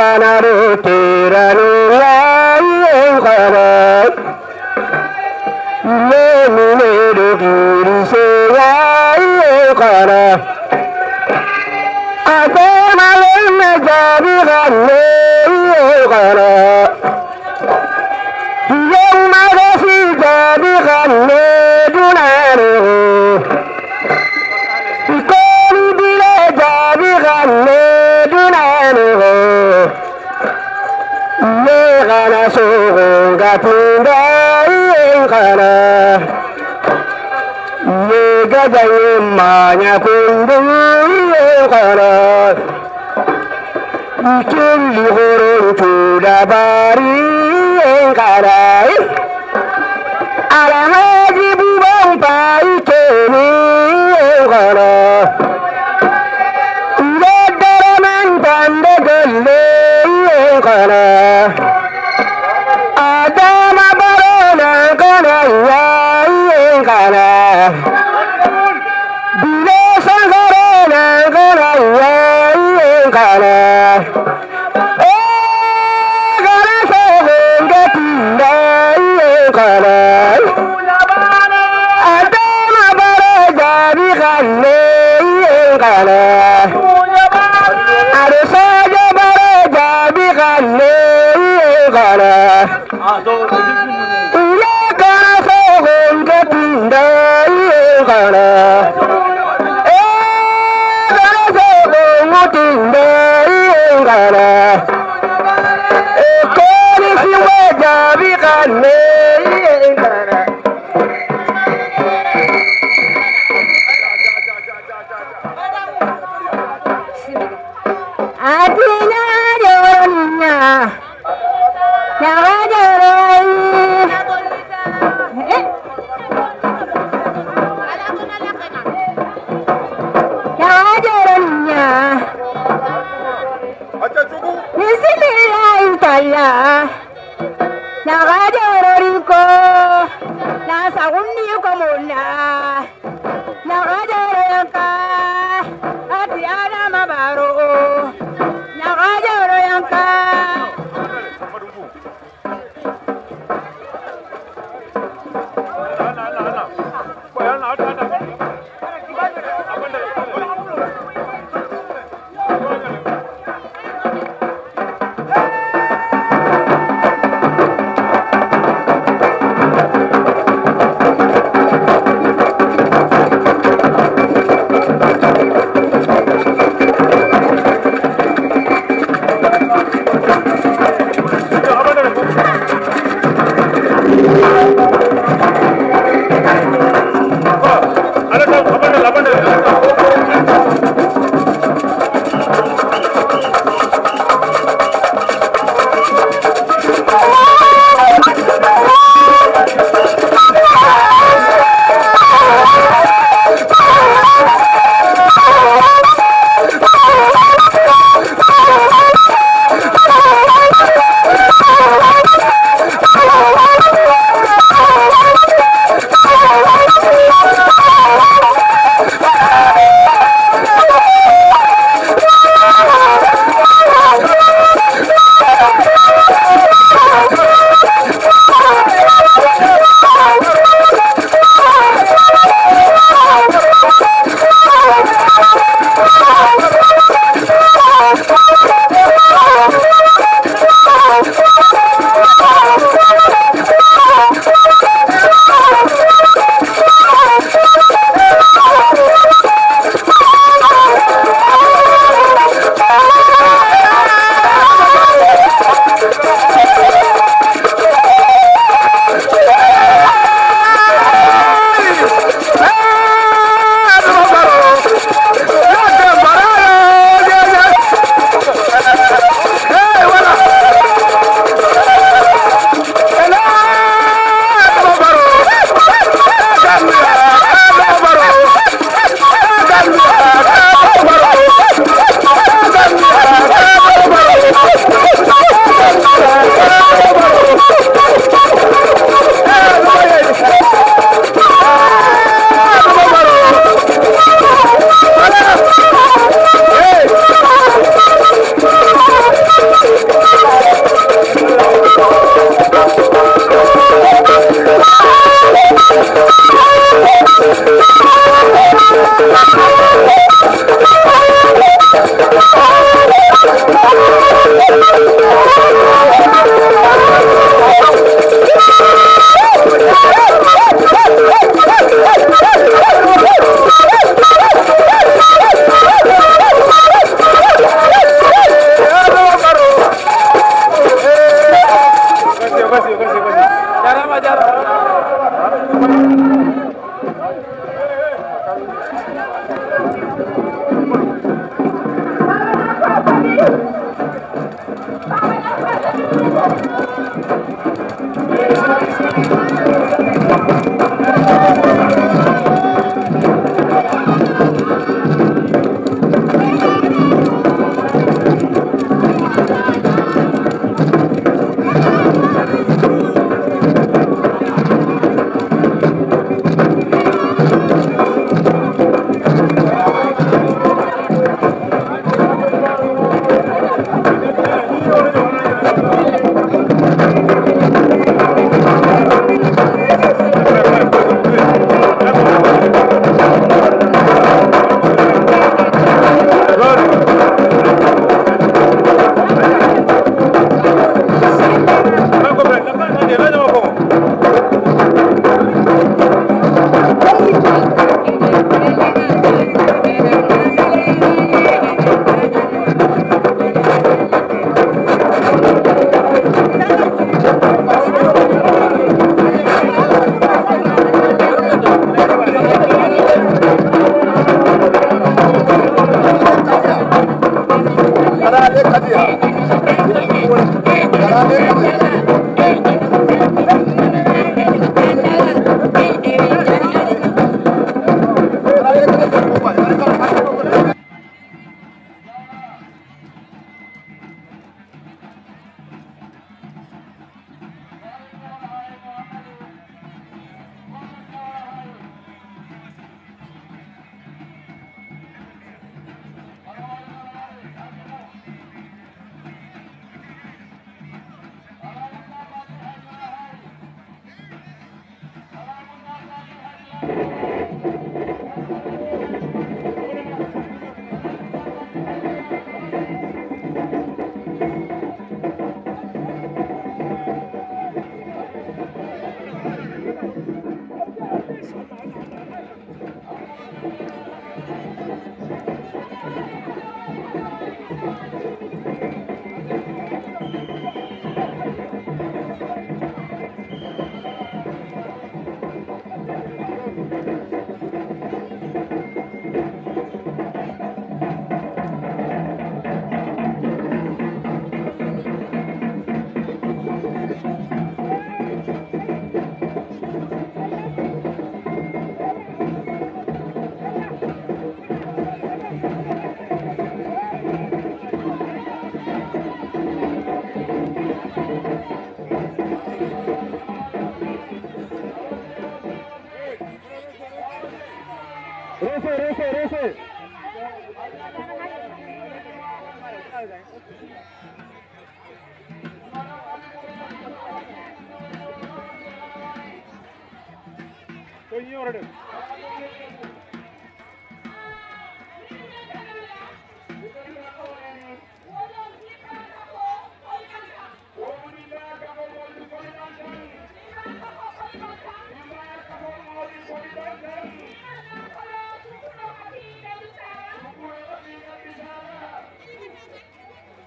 கணரு பேரனு 풍덩인 가나 예가장이 마냐 풍덩인 가나 이길리호른 주라바리인 가나 아라하지 부방 바이케니인 가나 이래다라만 반대걸레인 가나 Bila sangkara nangkara wang kara Eh kara sohong ketindai kara Ada mabara jadi kane kara Ada saja bara jadi kane kara Aduh, kara eh gara se bo muti nde iye kara e ko ni si we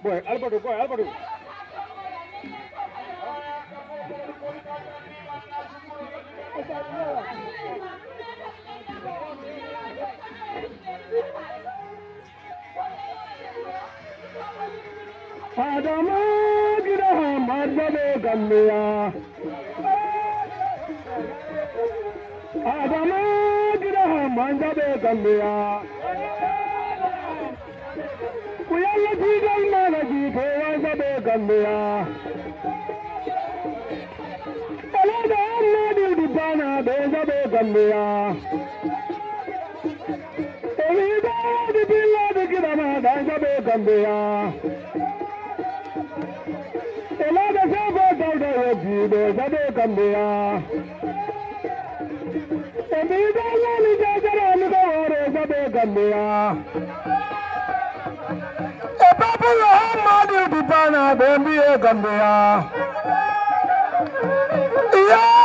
Boy, Alberto, boy, Alberto. दर मां जंया गिर मां जॾहिं कंदे न की थे वांगे कंदा ਦੇਗਾ ਦੇ ਗੱਲਿਆ ਤੇਰੀ ਬਾਦ ਬਿੱਲਾ ਦੇ ਕਿਦਾਂ ਦੇਗਾ ਦੇ ਗੱਲਿਆ ਤੇਲਾ ਦੇ ਸੋ ਕੋ ਦੌੜਾ ਜੀ ਦੇ ਜਦੇ ਗੱਲਿਆ ਤੇਰੀ ਦਾ ਲਾਲੀ ਦਾ ਜ ਰ ਾ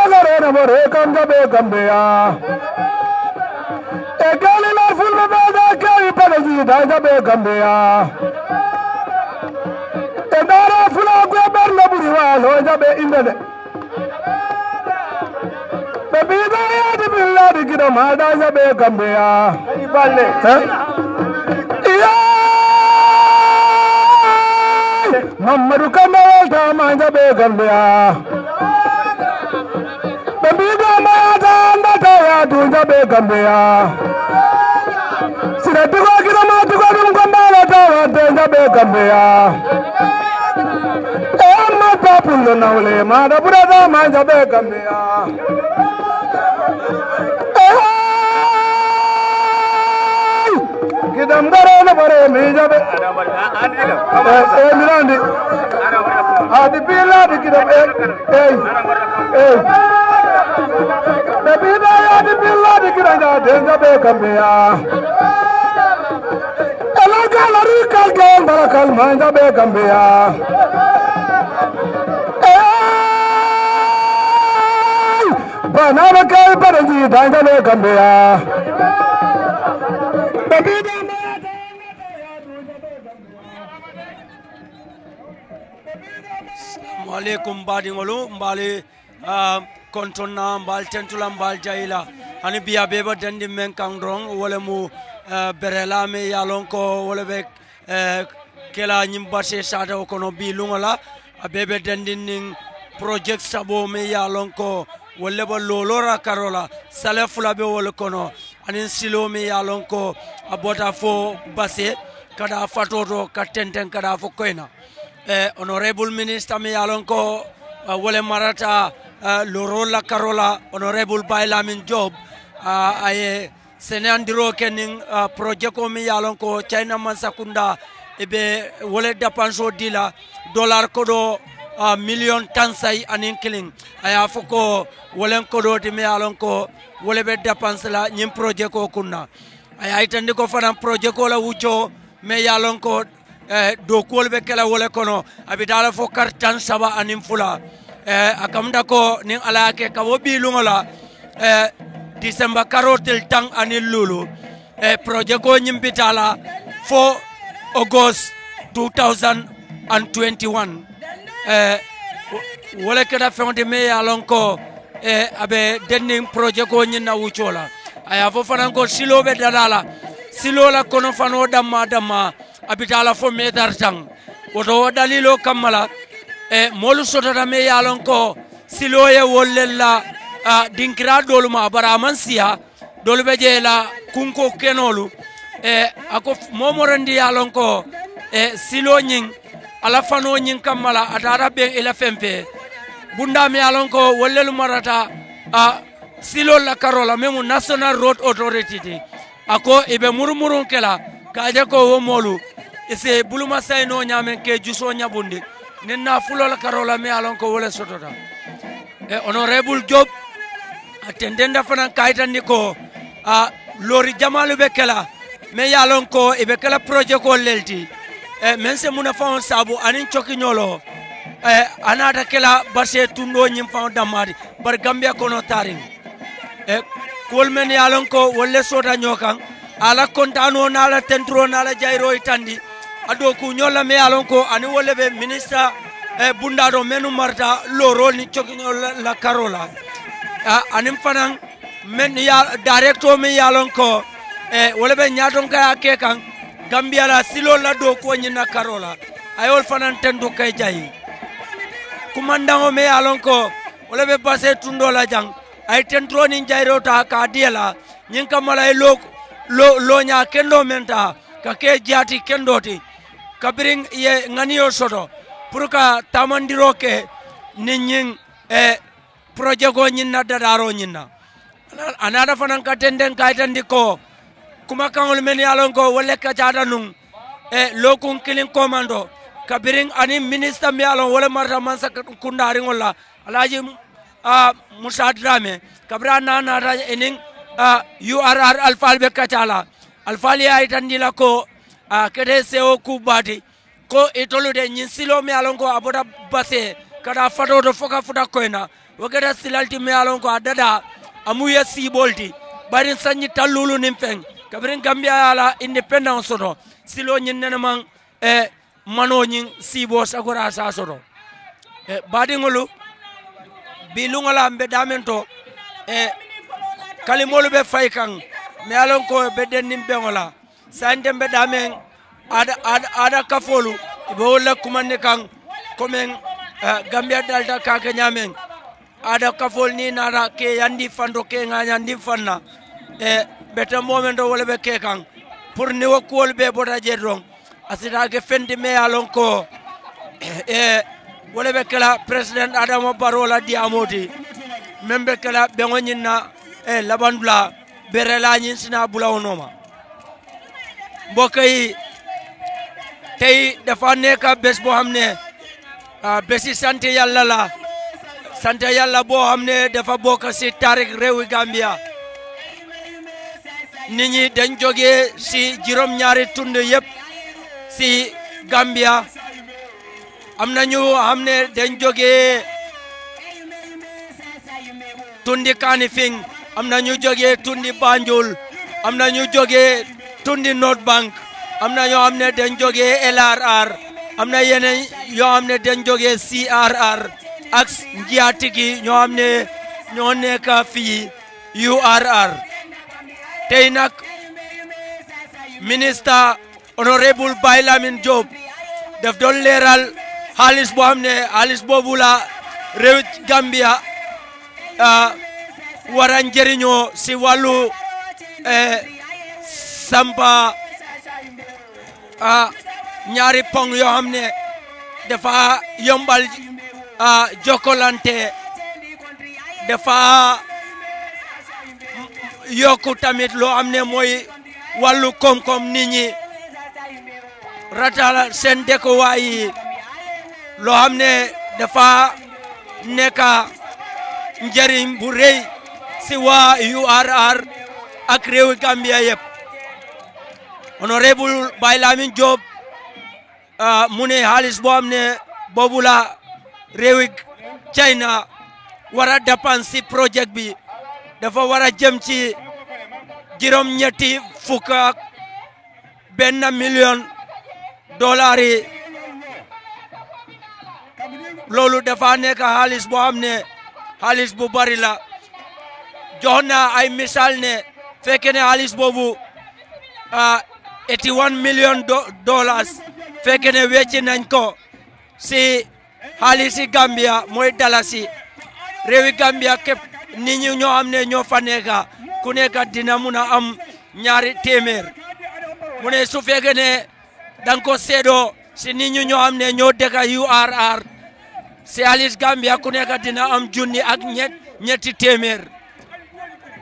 ನಗರೇ ನಮರೇ ಕಂದಬೇ ಕಂಬೆಯ ಏಕಾಲಿನ ಫುಲ್ ಬೇಗ ಕೇಳಿ ಪಡಗಿ ದಾಗಬೇ ಕಂಬೆಯ ಎದಾರ ಫುಲಾಗುವ ಬರ್ಲ ಬುರಿವ ಹೋಗಬೇ ಇಂದದೆ ಬೀದಾಡಿ ಬಿಲ್ಲಾಡಿ ಗಿಡ ಮಾಡಾಗಬೇ ಕಂಬೆಯ ಬಾಳೆ ಯಾ ಮಮ್ಮರು ಕನ್ನಡ ಮಾಗಬೇ ಕಂಬೆಯ Kamigo mazanda taya tunza bekambea. Sina tuko kila matuko mkombala taya tunza bekambea. Emma eh, papundo na ule mara burada manza bekambea. Eh, Kidam garana pare meja be. Eh, eh, mirandi. Adi pila dikidam eh eh eh. Di Billahi billahi kiranya denga be kambeya. Elaga lari kalge barakal manja be kambeya. Bana bakai paraji danga be kambeya. Babida badi ngolo mbale uh, kontonna mbal tentula mbal jayila hani biya beba dandi men kan dron wala mu eh, berela me yalon ko wala be eh, kela nyim barse sada ko kono bi lungola abebe dandi ning project sabo me yalon ko wala ba lolora karola sale fula be wala kono ani silo me yalon ko abota fo base kada fatoto ka kada fo koyna eh, honorable minister me yalon ko Uh, wole marata uh, lorola karola honorable bailamin job aye uh, sene andiro ke nin projet ko mi yalon ko china mansakunda ebe wole dapanso dila dollar kodo uh, million tansai anin kilin aya foko wolen kodo ti mi yalon ko wole be dapanse la nyim projet ko kunna aya itandi ko fanan projet ko la wujo me yalon ko eh, dokuwolu be kela wole kono abi dala fo kari tan saba anin fula eh, a ko nin ala ke ka wo biiluŋo eh, disemba karo tel tan anin lulu eh, projet ko ñiŋ bita fo august 2021 eh, wo le keta feŋo ti meŋ eh, abe be projet ko ñiŋ na wuchola la a fo fanaŋ ko kono fano damma damma abitala fo metar tang woto dalilo kammala e molu sotata me yalon ko silo ye wollella uh, dinkira dolu ma bara man siya dolu je la kunko kenolu e ako momorandi yalon ko e silo nyin ala fano nyin kammala atara be ila fempe bunda me yalon ko wollelu marata a silo la karola memu national road authority ako ibe murmurun kela kaje ko wo molu ise buluma sayno ñamen ke juso ñabundi nin na fulol karola mi alon ko wole sotota e honorable job attendenda fana kayitandi ko a lori jamalu be kela me yalon ko e be kela projet ko lelti e men se muna fawon sabu anin coki ñolo e anata kela base tundo ñim fawon dammadi bar gambia kono tarin e kuwol men yalon ko wolle sota ño kan ala kontano nala tentro nala jayro itandi ado ku ñola me alon ko ani wole be ministre eh, bunda do menu marta loro ni cokino la, la carola a ah, anim fanan men ya directo me yalon ko eh, wole be ka ke kan gambia la silo la do ko carola karola wol fanan tendo kay jayi kumandango me yalon ko wole be passé tundo la jang ay tentro ni jayro ta ka diela ñin kamala lo lo nya kendo menta ka ke jati kendoti kabirin ye ŋaniyo soto pour ka tamandiro ke nin ñiŋ eh, projeko ñiŋ na dadaro ñiŋ na anata fanaŋ ka tenden kayitandi ko kumakaŋolu men ye lon ko wolle kacata nuŋ eh, lokun kiliŋ komando kabirin ani minista mi ye lon wole marata mansa kundariŋol la alaji uh, musa drame kabira na nata eniŋ uh, urr alfaal be kaca alfaal ye ayitandi la ko a kete sewo kubati ko itolu de nyin silo me alonko abota base kada fato to foka futa koina wakata silalti me alonko adada amuye sibolti bari sanyi talulu nimfeng kabirin gambia ala independence to silo nyin nenamang e mano nyin sibo sagora sasoro e badi ngolu bilungola mbe damen to e kalimolu be fay kan me alonko be dennim bengola sandembe damen ada ada ada kafolu ibe wala kumande kan komen uh, eh, gambia dalta kake nyamen ada kafol ni nara ke yandi fando ke nga yandi fanna e eh, beta momen do wala be ke kan pour ni wo kol be bota je don asita ke fendi me alon ko e eh, wala be kala president adamo barola di amoti membe kala be ngonyina e labandula berela nyin sina bulawonoma mbokk yi tey dafa nekk bés boo xam ne ah, bési sant yàlla la sant yàlla boo xam ne dafa bokk si tarik réewi Gambia nit ñi dañ jógee si juróom-ñaari tund yëpp si Gambia am na ñu xam ne dañ jógee tundi Kanifing am na ñu jógee tundi Banjul am na ñu tundi North Bank am na ñoo xam ne dañ jógee LRR am na yeneen yoo xam ne dañ jógee CRR ak njiatigi ñoo xam ne ñoo nekk fii URR tey nag ministre honorable Baye Lamine Diop daf doon leeral xaalis boo xam ne xaalis boobu la réew Gambia ah, si wàllu eh, sampa ah ñaari pong yoo xam ne dafa yombal ah dafa yokku tamit loo xam ne mooy wàllu koom niñi ratal seen dëkkuwaay yi loo xam ne dafa nekk njariñ bu rëy si waa URR ak réewi Gambia yëpp. honorable Baye Lamine Diop ah, mu ne xaalis boo xam ne boobu la réewi China war a dépense si projet bi dafa war a jëm ci juróom-ñetti fukk ak benn million dollars loolu dafa nekk xaalis boo ne xaalis bu bari la jox ay misaal ne fekkee ne boobu ah, 81 million dollars fekkee ne wecci nañ ko si xaalisi Gambia mooy dalasi réewi Gambia képp nit ñi ñoo xam ne ñoo fa nekka ku nekka dina mun a am ñaari téeméer mu ne su fekkee ne danga ko seedoo si nit ñoo xam ne ñoo dëkka URR si xaalis Gambia ku nekka dina am junni ak ñett ñetti téeméer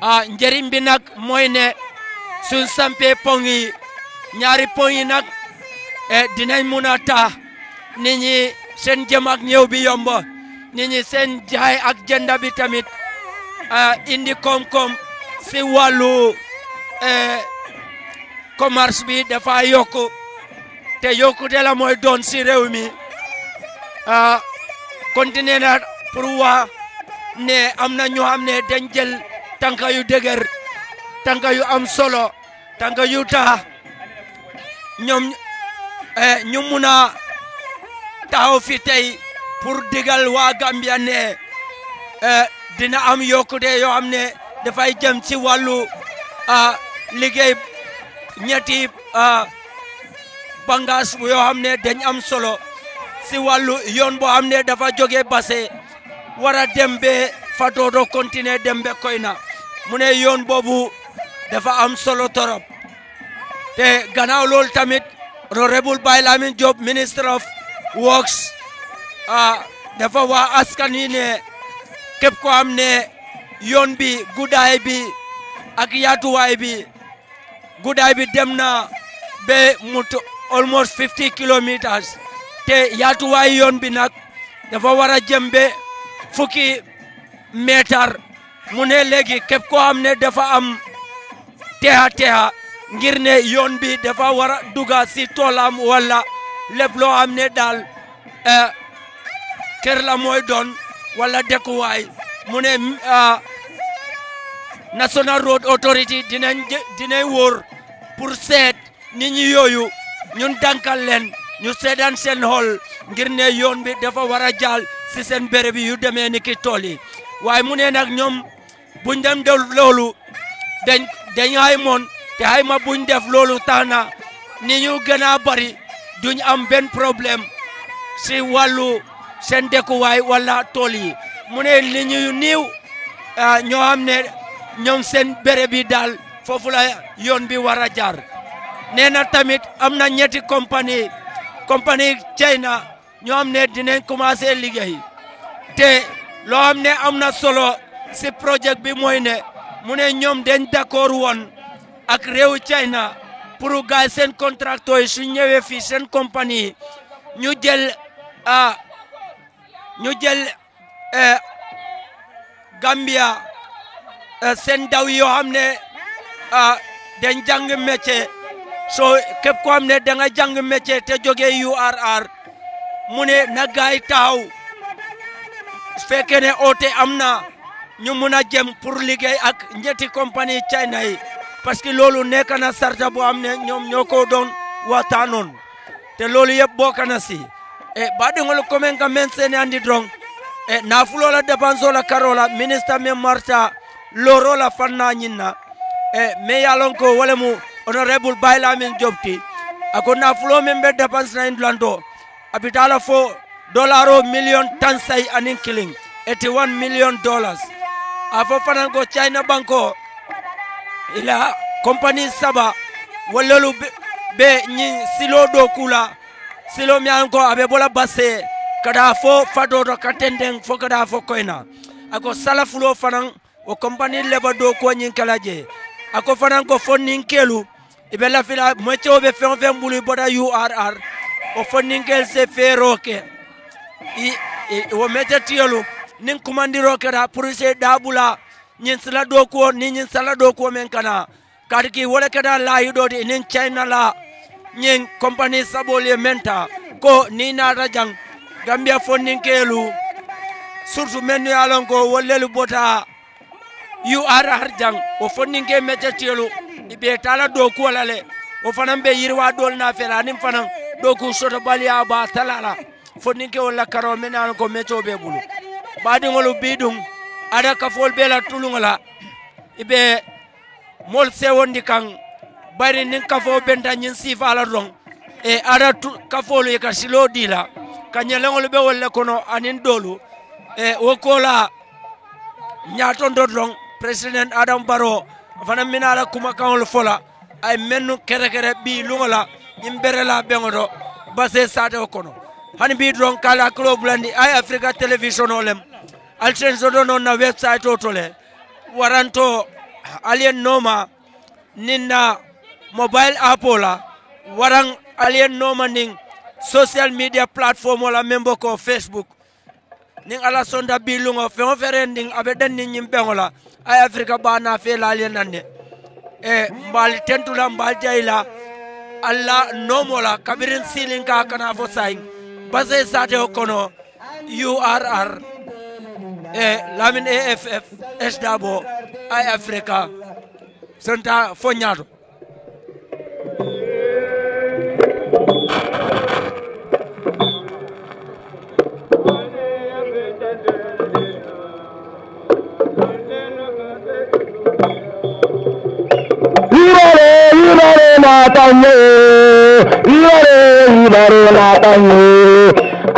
ah njëriñ bi nag mooy ne suñ sampee poŋ ñaari point yi nag eh, dinañ mun a tax nit seen jëm ak ñëw bi yomba nit ñi seen jaay ak jënda bi tamit eh, indi koom-koom si wàllu eh, commerce bi dafa yokku te yokkute la mooy doon si réew mi ah, continué na pour ne am na ñu am ne dañ jël yu dëgër tànka yu am solo tànka yu tax ñoom eh, ñu mun a taxaw fi tey pour digal waa Gambia ne eh, dina am yokkute yoo xam ne dafay jëm ci wàllu ah, liggéey ñetti ah, bangaas yoo xam ne dañ am solo si wàllu yoon boo xam ne dafa jóge Basse war a dem be Fatoto continuer dem be Koyna mu ne yoon boobu dafa am solo torop te ganaw lol tamit honorable Baye Lamine Diop ministre of works dafa wa askan yi ne kep ko am ne yoon bi guddaay bi ak yatu way bi guddaay bi demna be ba almost 50 kilometers te yatu way yon bi nak dafa wara jembe fukki meter mune legi kep ko am ne dafa am teha teha ngir ne yoon bi dafa war a duga si toolam wala lépp loo xam ne daal e, kër la mooy doon wala dëkkuwaay mu ne e, National Road Authority dinañ dinañ wóor pour seet ni ñi yooyu ñun dankal leen ñu seetaan seen xol ngir ne yoon bi dafa war a jaal si seen béréb yu demee ni ki tool yi waaye mu ne nag ñoom buñ dem de loolu dañ dañ ay moon te xay ma buñ def loolu tax na ni ñu bari duñ am benn problème si wàllu seen dëkkuwaay wala tool yi mu ne li ñuy niiw ah, ñoo xam ne ñoom seen béréb bi daal foofu la yoon bi war a jaar nee na tamit am na ñetti compagnie compagnie China ñoo xam ne dinañ commencé liggéey te loo xam ne am na solo si projet bi mooy ne mu ne ñoom dañ d'accord won ak réewu China pour gars seen contracteurs yi su ñëwee fii seen compagnie ñu jël a ñu jël e, Gambia e, seen daw yoo xam ne a dañ jàng métier soo képp koo xam ne da nga jàng métier te jógee URR mu ne na gars yi taxaw su fekkee ne oote am na ñu mun a jëm pour liggéey ak ñetti compagnie China yi. parce que loolu nekk na sarta bo amne ne ñoom ñoo ko doon waxtaanoon te loolu yëpp bokk na si e baɗigol commen kam men sene andi dron e nafulola dépensola karola ministre men marta lorola fanna ñinna e me yalon ko wala mu honorable bayla men jobti ako nafulo men be dépense na indulanto abitala fo dollar o million tan anin kiling eti 1 million dollars afo fanan ko china banko o ila compagnie saba wallolu be ñin silo do kula silo mi anko abe bola base kada fo fadoto katenden fo kada fo koyna ako salafulo fanan o compagnie leba do ko ñin kala je ako fanan ko fonnin kelu ibe lafila moitié o be fen fen bulu boda urr o fonnin kel se fero ke i, i wo mete tiyolu nin kumandiro kera pour se dabula ñin sila ko ni ñin sala ko men kana kadi ki la keda layidoti nin china la ñin company sabole ye men ta ko ni nata rajang gambia fonninkelu surtout men ye lon ko wollelu bota yu ara o jang wo fonninke meccetielu ibe tala dokuwo la le o fanan be yiriwa dol na fela anin fanan ko soto baliya ba talala ke wala karo men ye lon ko mecho be bulu baadiŋolu ngolu bidung ada kafol be la tulungo la ibe mol sewondi kan bari nin kafo benta ñin sifa la rong e ada kafol ye ka silo di la ka ñeleŋolu be wol le kono anin doolu e wo ko la ñatondo dong president adam baro fana mina kuma kan fo fola ay mennu kerekere bi luŋo la la beŋo do base satewo kono hani bi dron kala kilo bulandi ay africa télévision o lem altenzo ɗo noon na website o to waranto alien noma ninna mobile appola o waran alien noma nin social media platform o la bo ko facebook nin ala sonda biluŋo feŋo fere nin abe ɗen nin ñin ay africa bana fe la alien nan e mbaali tentula mbal jayi alla nomola kabirin silin ka kana fo sayin base sate o kono urr lamin aff sdabo ay africa santa fognato நாட்டாங்க இவரே ani நாட்டாங்க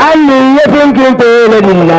அள்ளி எதுக்கும் தேவனில்லை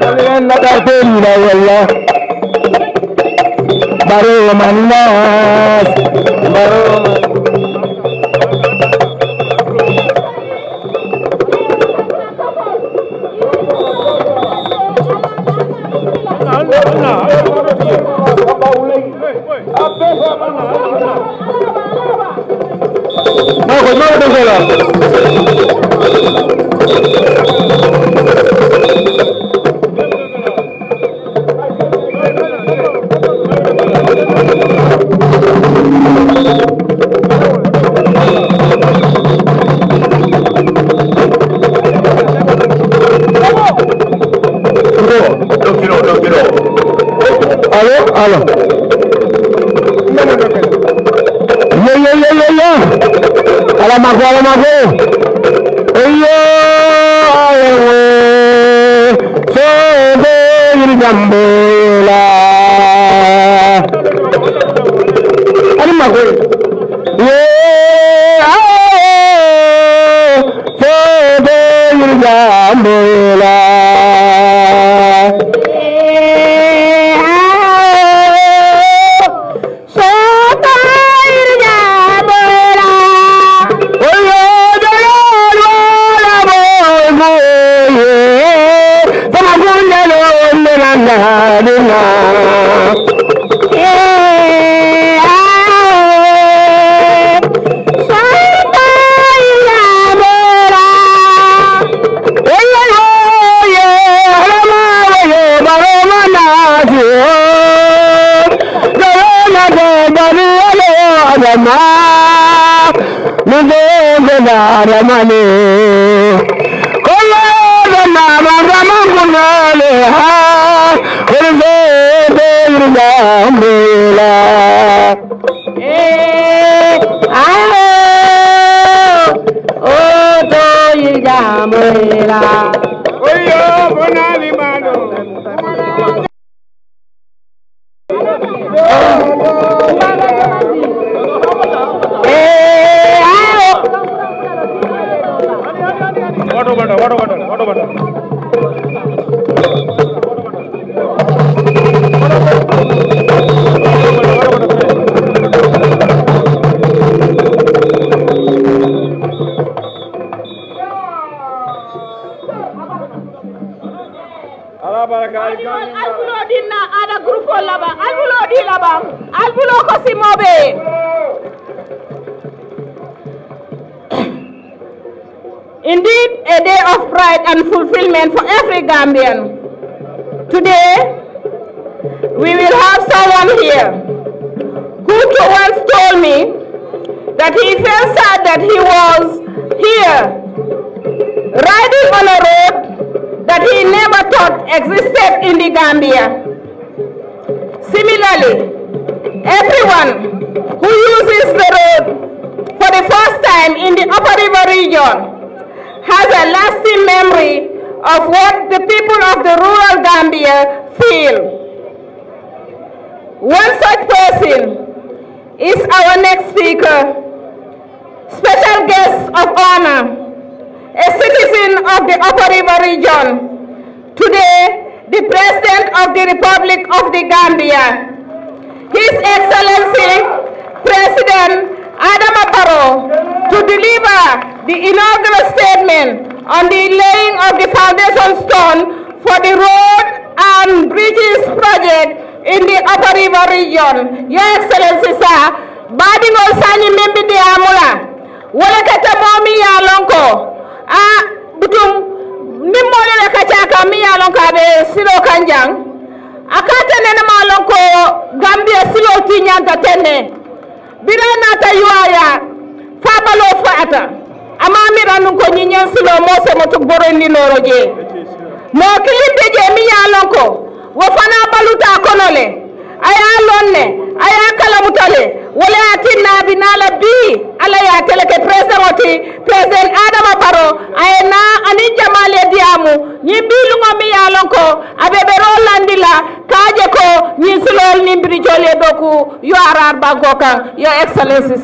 Corriendo cartera, abuela. Baró Manas, Baró Manas. الحمد لله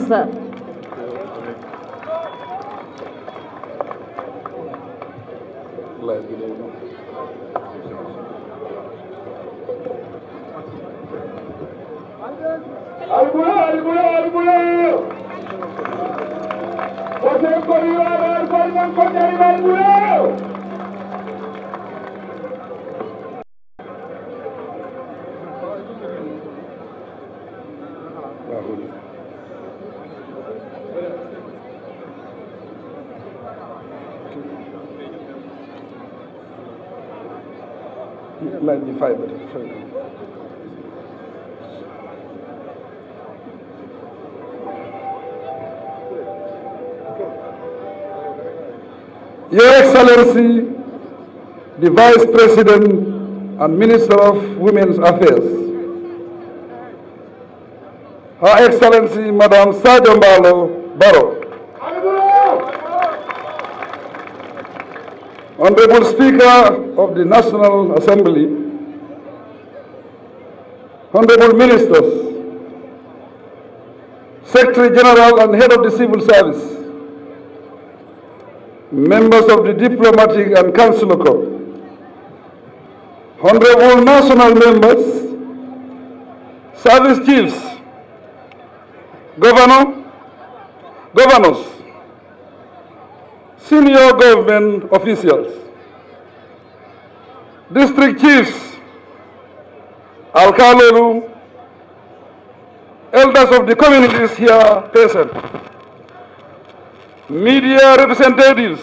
fuerza. ¡Alguna, alguna, alguna! alguna Your Excellency, the Vice President and Minister of Women's Affairs, Her Excellency Madam Sadombalo Barrow, Honorable Speaker of the National Assembly, Honorable Ministers, Secretary General and Head of the Civil Service, members of the Diplomatic and Consular Corps, Honorable National Members, Service Chiefs, Governor, Governors, Senior Government Officials, District Chiefs, Alkalolu, elders of the communities here present, media representatives,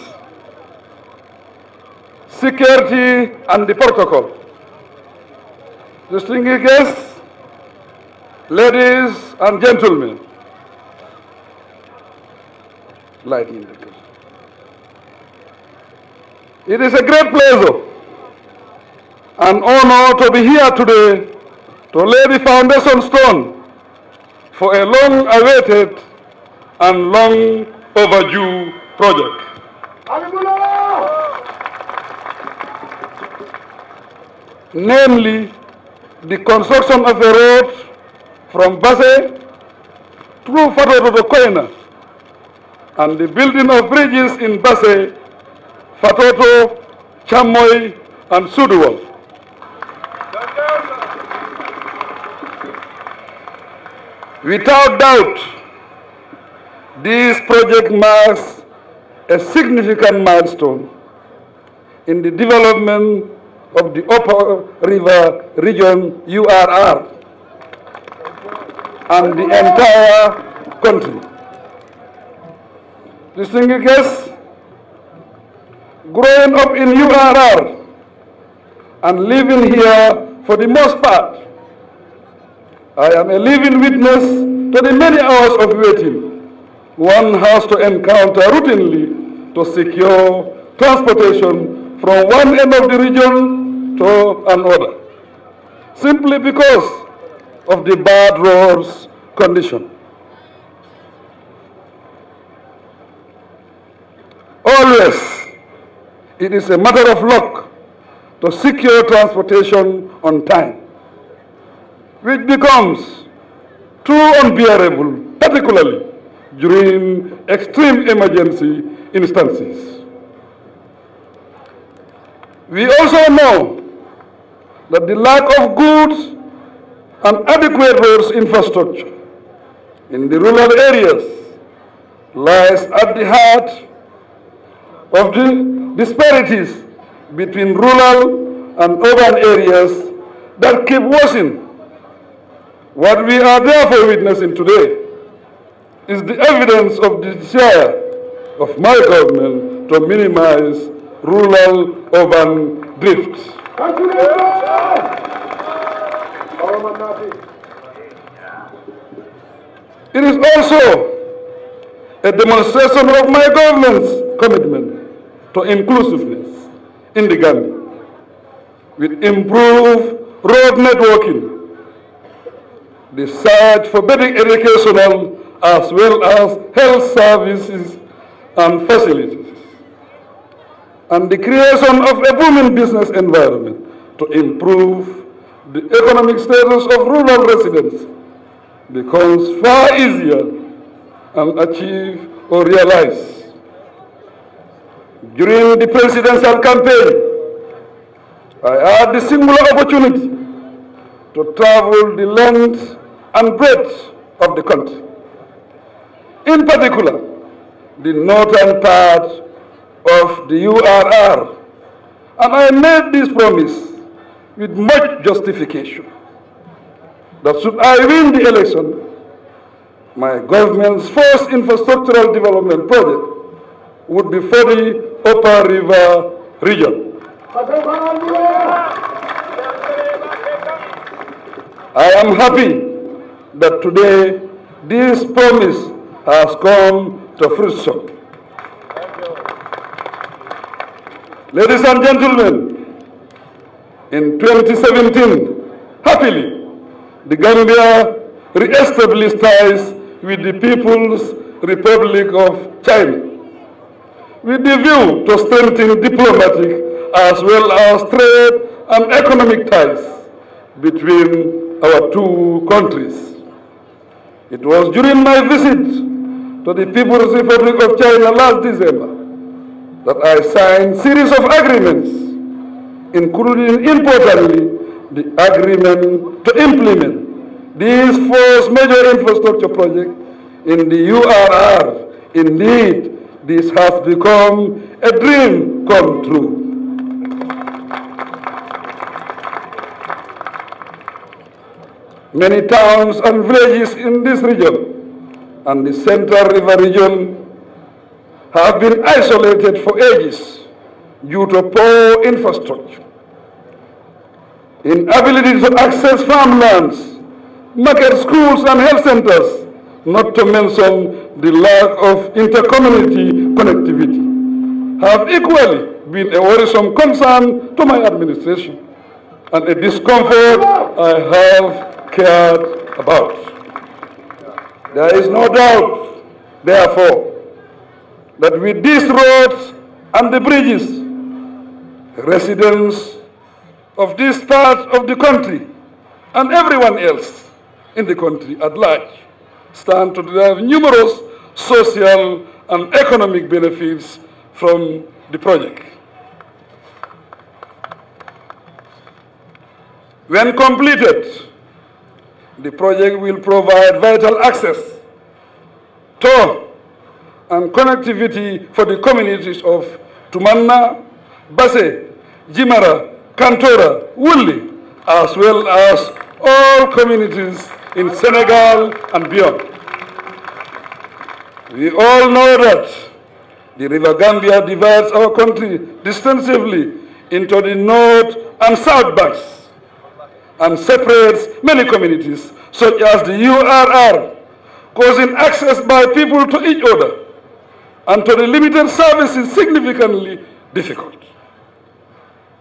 security and the protocol, distinguished guests, ladies and gentlemen, lighting lightning. It is a great pleasure and honor to be here today to lay the foundation stone for a long awaited and long overdue project. Namely, the construction of a road from Basay through Fato to Koina and the building of bridges in Basay, Fatoto, Chamoy, and Suduwal. Without doubt, this project marks a significant milestone in the development of the Upper River Region URR and the entire country. Distinguished guests, growing up in URR and living here for the most part I am a living witness to the many hours of waiting one has to encounter routinely to secure transportation from one end of the region to another, simply because of the bad roads condition. Always, it is a matter of luck to secure transportation on time which becomes too unbearable, particularly during extreme emergency instances. We also know that the lack of goods and adequate roads infrastructure in the rural areas lies at the heart of the disparities between rural and urban areas that keep worsening what we are therefore witnessing today is the evidence of the desire of my government to minimize rural urban drift. It is also a demonstration of my government's commitment to inclusiveness in the Gambia with improved road networking search for better educational as well as health services and facilities, and the creation of a booming business environment to improve the economic status of rural residents becomes far easier and achieve or realize. During the presidential campaign, I had the singular opportunity to travel the length and breadth of the country. In particular, the northern part of the URR. And I made this promise with much justification that should I win the election, my government's first infrastructural development project would be for the Upper River region. I am happy that today this promise has come to fruition. Ladies and gentlemen, in 2017, happily, the Gambia re-established ties with the People's Republic of China with the view to strengthening diplomatic as well as trade and economic ties between our two countries. It was during my visit to the People's Republic of China last December that I signed a series of agreements, including importantly the agreement to implement these four major infrastructure projects in the URR. Indeed, this has become a dream come true. many towns and villages in this region and the Central River region have been isolated for ages due to poor infrastructure, inability to access farmlands, market schools and health centers, not to mention the lack of intercommunity connectivity, have equally been a worrisome concern to my administration and a discomfort I have cared about. There is no doubt, therefore, that with these roads and the bridges, residents of this part of the country and everyone else in the country at large stand to derive numerous social and economic benefits from the project. When completed, the project will provide vital access, to and connectivity for the communities of Tumanna, Basse, Jimara, Kantora, Wuli, as well as all communities in Senegal and beyond. We all know that the River Gambia divides our country distinctively into the north and south banks and separates many communities, such as the URR, causing access by people to each other and to the limited services significantly difficult.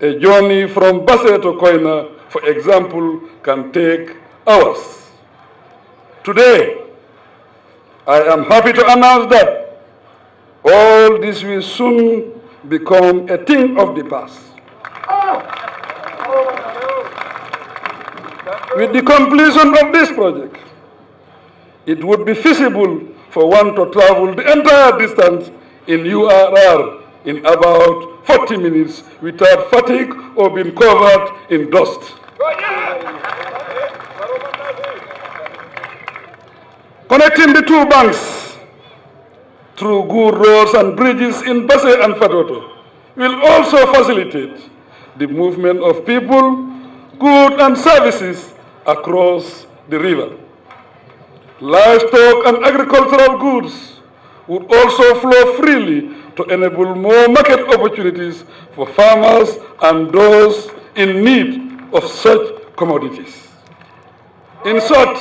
A journey from Basse to Koina, for example, can take hours. Today, I am happy to announce that all this will soon become a thing of the past. Oh. With the completion of this project, it would be feasible for one to travel the entire distance in URR in about 40 minutes without fatigue or being covered in dust. Connecting the two banks through good roads and bridges in Basse and Fadoto will also facilitate the movement of people, goods and services across the river. Livestock and agricultural goods would also flow freely to enable more market opportunities for farmers and those in need of such commodities. In short,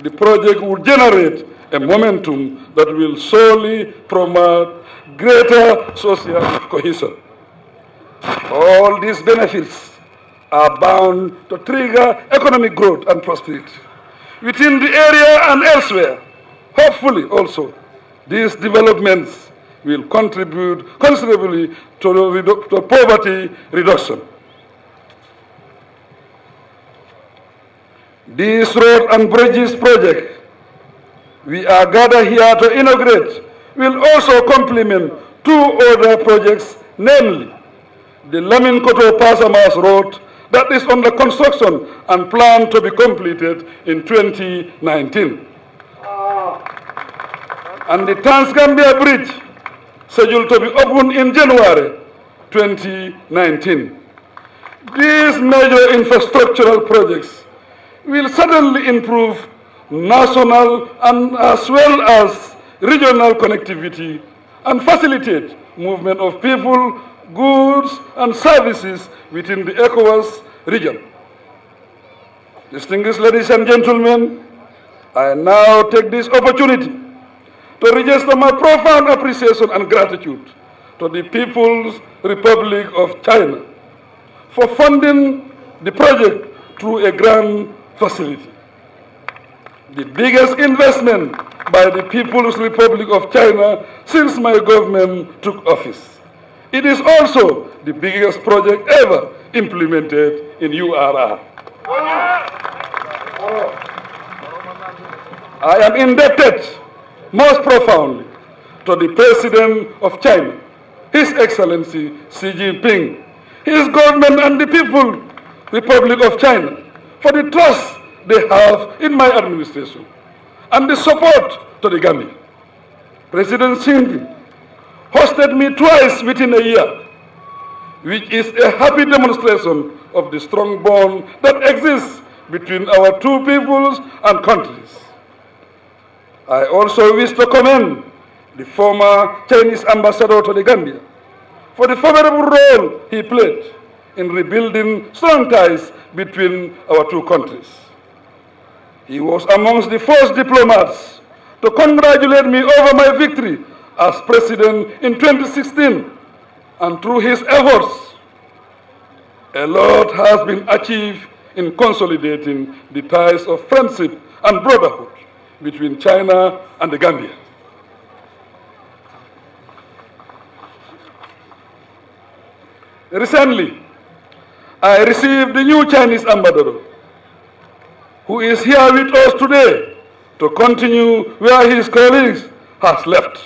the project will generate a momentum that will solely promote greater social cohesion. All these benefits are bound to trigger economic growth and prosperity within the area and elsewhere. Hopefully also, these developments will contribute considerably to, redu to poverty reduction. This road and bridges project we are gathered here to inaugurate will also complement two other projects, namely the Laminkoto Pasamas Road that is under construction and planned to be completed in 2019. And the Transgambia Bridge, scheduled to be opened in January 2019. These major infrastructural projects will certainly improve national and as well as regional connectivity and facilitate movement of people goods and services within the ECOWAS region. Distinguished ladies and gentlemen, I now take this opportunity to register my profound appreciation and gratitude to the People's Republic of China for funding the project through a grant facility. The biggest investment by the People's Republic of China since my government took office. It is also the biggest project ever implemented in URR. I am indebted most profoundly to the President of China, His Excellency Xi Jinping, his government and the people, Republic of China, for the trust they have in my administration and the support to the Gambia. President Xi hosted me twice within a year, which is a happy demonstration of the strong bond that exists between our two peoples and countries. I also wish to commend the former Chinese ambassador to the Gambia for the favorable role he played in rebuilding strong ties between our two countries. He was amongst the first diplomats to congratulate me over my victory as president in 2016 and through his efforts, a lot has been achieved in consolidating the ties of friendship and brotherhood between China and the Gambia. Recently, I received the new Chinese ambassador, who is here with us today to continue where his colleagues has left.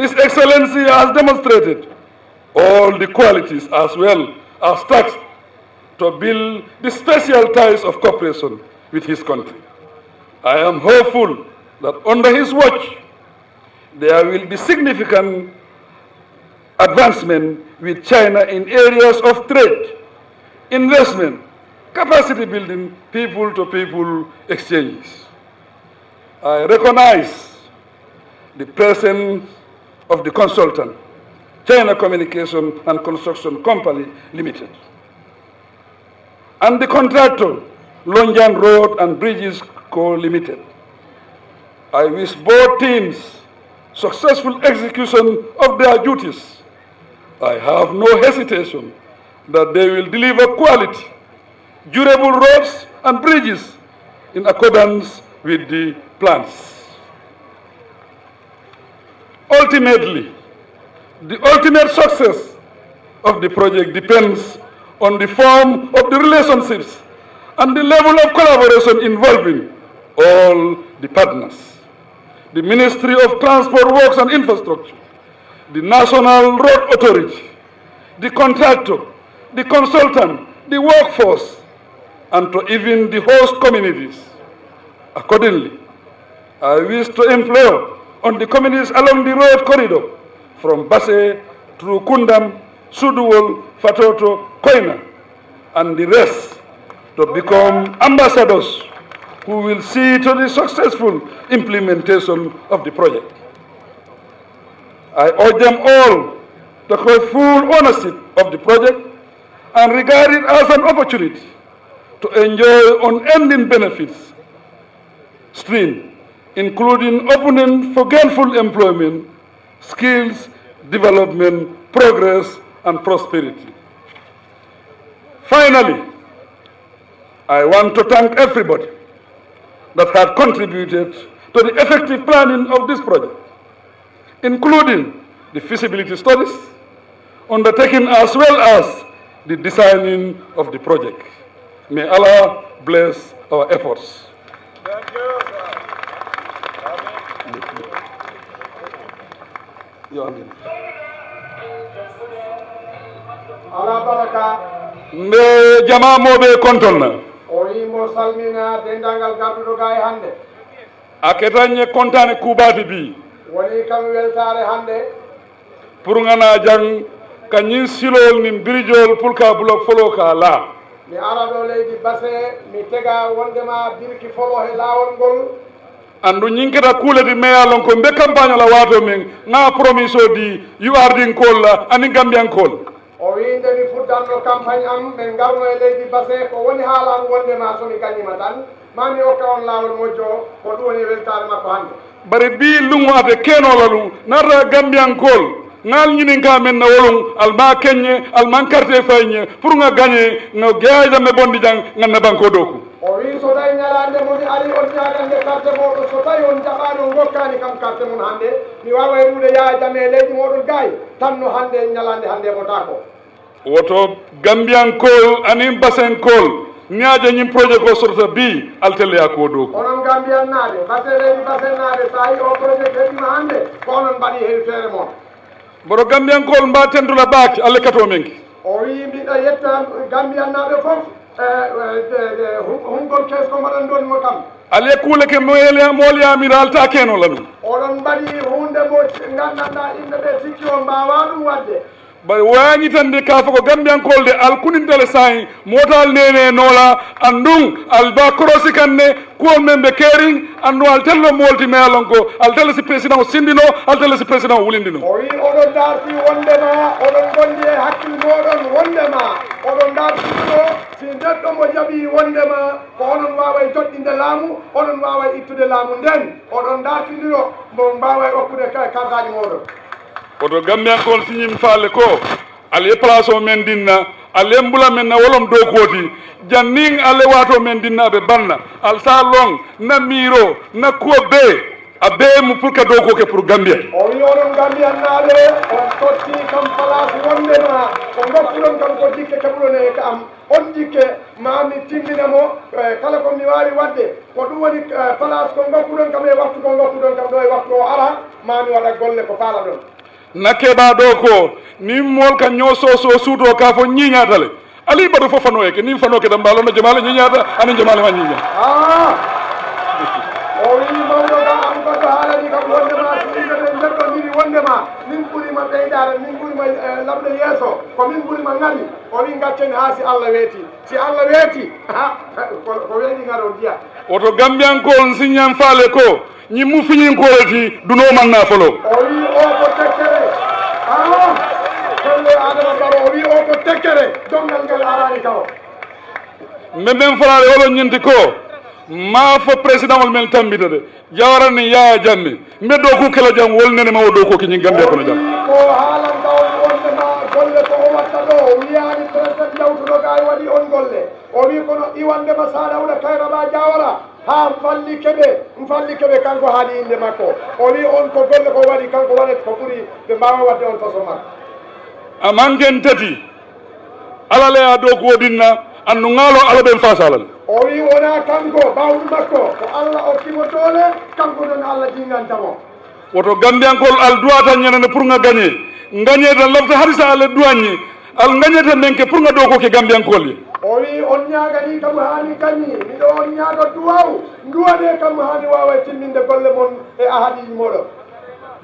His Excellency has demonstrated all the qualities as well as starts to build the special ties of cooperation with his country. I am hopeful that under his watch, there will be significant advancement with China in areas of trade, investment, capacity building, people-to-people -people exchanges. I recognize the presence of the consultant, China Communication and Construction Company Limited. And the contractor, Longyan Road and Bridges Co. Limited. I wish both teams successful execution of their duties. I have no hesitation that they will deliver quality, durable roads and bridges in accordance with the plans. Ultimately, the ultimate success of the project depends on the form of the relationships and the level of collaboration involving all the partners. The Ministry of Transport Works and Infrastructure, the National Road Authority, the contractor, the consultant, the workforce, and to even the host communities. Accordingly, I wish to implore on the communities along the road corridor from Basse through Kundam, Suduwol, Fatoto, Koina, and the rest to become ambassadors who will see to the successful implementation of the project. I urge them all to take full ownership of the project and regard it as an opportunity to enjoy unending benefits stream including opening for gainful employment, skills, development, progress, and prosperity. Finally, I want to thank everybody that had contributed to the effective planning of this project, including the feasibility studies undertaken as well as the designing of the project. May Allah bless our efforts. ala baraka nde jama moɓe kontonna na wimo salmina dendangal garduɗo ga e hannde a ketañe kontane kuubade bi woni kam weltare hande pour gana jang kañin silowol nin birijowol pour ka bulok folo ka la mi ara ɗo leydi base mi tega wondema birki folo he laawol ngol andu ñinkita kuuleti meya lon ko mbe campagne la waato men nga promise o di yuardinkool la ani gambiyankool o wiindemi fuddatno campagne am min ngarno e di base ko woni haalaam wonde ma somi gañima tan mami okka on laawol mojo ko ɗum woni weltare makko hannde bare mbi lungo ate keenola ɗum nata gambiyankool ngal ñininka men no wolum alma keñe alman carte fayñe pour nga gañe no geyajamme bondi jang ngan ne banko dow o wi so tawi ñalande moni ari on jaagande carte moɗo so tawi on jaɓani on gokkani kam carte mum hande mi wawa e ɗuɗe yaha jaam e leydi moɗon gaay tanno hande ñalande hannde e motako woto gambiyankol anin basenkol ñaaje ñin projet ko sorta bi altelleya ko dow onon leydi basereji basennaaɓe so yi o projet heɗima hannde ko onon mbaɗi hen feere moon mboɗo gambiyankol mba tendula baake allah kato men o wi mbiɗa yetta gambiyannaaɓe foof hunko kesko mbaɗan ɗon mo kam alle kuule ke moolyamiralta kenola ɗum oɗon mbaɗi hunde mo gandanɗa inɗe ɓe sikki o mbawa ɗum wadde bare wañitande ka fo ko gambiyankolde alkunintale sayi motal nene noola an ɗum alba korosi kanne kuwol men ɓe keering andu al tello mo woltime alon ko al tella si président o sindino al tella si président o wulindino o wi oɗon darti wondema oɗon gondi e hakkille moɗon wondema oɗon dartino si neɗɗo mo jaaɓi wondema ko onon wawa joɗɗinde laamu oɗon wawa ittude laamu nden oɗon dartidiro mo mbawa hokkude kartaji moɗon woto gambiyankoon siñim faale ko ale place o men dinna ale mbula men na wolom dow kooti jannin ala wato men dinnaɓe banna al sa long na miro na kuwo be a bee mu pour que dow koke pour gambia o wi onon gambiyannaɓe on totti kam place wondema ko goppuɗon kam ko jikke keɓulone e ka am on jikke mami tindinamo e, kala ko mi wawi wadde ko ɗum woni e, place ko goppuɗon kam e waktu ko goppuɗon kam ɗo e waktu o ara mami waɗa golle ko paala ɗon na keɓa ko nin molka ñososo suuto ka fo ñiñatale ali baɗo fof fanoye ke nin fanoke tan mbalono jamale ñiñata ana jamale ma ñiña o wii mawɗoga an goto haalaji kam wondema siɗeɗe jerɗondiri wondema min ɓurima ɓeyɗare min ɓurima lamɗo yesso ko min ɓurima ngani o wi gaccen ha si allah weeti si allah weeti ha ko weeɗi ngaro ndiya woto gambiyankon siñan faale ko ñi mufiñin koore ti duno man na folo o wi o ko tekkere a solle adama baro o wi o ko tekkere dongal ngal arani kawo mbe men folaade olo ñinti ko maa fo président ol men tambita de jawarani yaya jammi mbe do ko kela jam wol nene ma o dow ko ki ñin gande kono jam ko haalandaw wondema golle ko o watta ɗo wiyaani présent jawtuno ga waɗi on golle o wi kono iwandema sa ɗawna kayraɓa jawara ha falli on falli kebe kanko haali inde makko o wi on ko golle ko waɗi kanko waɗat ko buri be mbawa wadde on façon makko amanken tati a do ko dinna anndu ngalo ala ɓen fasalal o wi wona kanko bawɗu makko ko allah okkimo tole kanko ɗon allah tamo woto kol al duata tan ñanande pour nga gagner gagné da lamta haɗi sa ala duani, al gagné ta menke ke pour nga do ko ke kol o wi on ñaagani kam haani kañi miɗo on ñaago duwaw nduwane kam haani wawa timminde golle moon e ahaadiji moɗo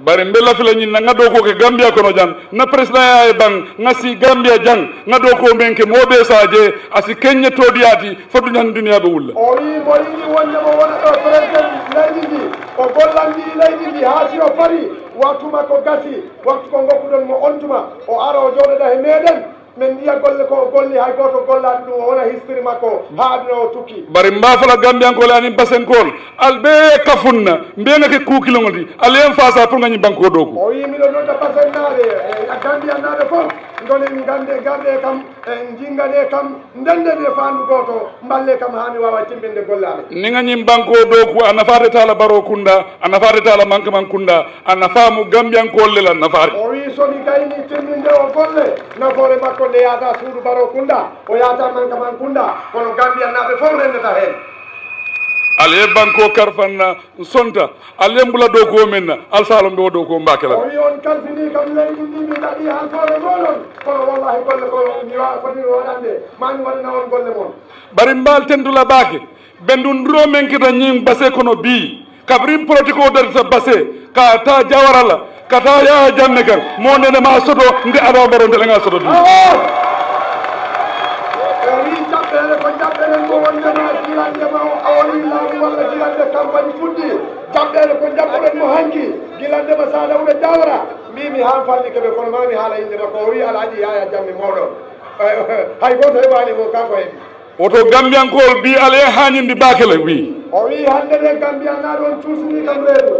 bari mbelafilañi ngaddo ko ke gambia kono jan na président yaye bang ngasi gambia jang ngaddo ko men ke moɓe saje asi keñña toodiyaati faddu ñan duniyaɓe wulla o wi mo yiɗi wonnemo wonaɗo présiden leydi ndi o gollandi leydi ndi haa si o fari wattuma ko gasi wattu ko ngokkuɗon mo ontuma o ara o jooɗoɗa he meɗen min yiya golle ko golli hay goto gollani ɗum wona history makko haaduno tukki bari mbafala gambiyankole anin basenkol alɓe kafunna mbiyangake kuukilogol ti alayen fasa pour gañi banque o ɗo ko o wi miɗo nodda basennaɗe eh, gambiyannaɗe foof golen gande garɗe kam eh, jingane kam ndende ɓe fandu goto mballe kam hani wawa timbinde gollami ni gañin banque o ɗo ko a nafade tala baro kunda a nafade tala man kunda a nafamu gambiyankolle la nafare o wi soni gayni timminde o golle nafoore makko ko nde yaata suudu baro kunda o yaata manka man kunda kono gambiya naɓe fof renndata heen ala banque o karfanna sonta alembula dow komenna alsalo mbe o dow kom mbakelao wi on kalfini kam leydi ndi mi ɗaɗi hansore molon kono wallahi golle ko mi wa foni waɗande mami waɗana on golle mon ɓari mbaltentula baake ɓe ndunduro men kita ñin basé kono bii kabrin protique o darita basé ka ta jawaralla kata ya janne kan mo nene ma soto nde aba baro nde nga soto dum jaɓɓere ko jaɓɓoɗen mo hanki gilandema salawɗo jawra mimi han falli keɓe kono mami haala inde makko o wi alhaji yaya jammi mawɗo hay goto heɓani mo kanko heɓi woto gambiyankol mbi ala e hañindi bakele wi o wi hande nde gambiya naɗon cuusini kam reedu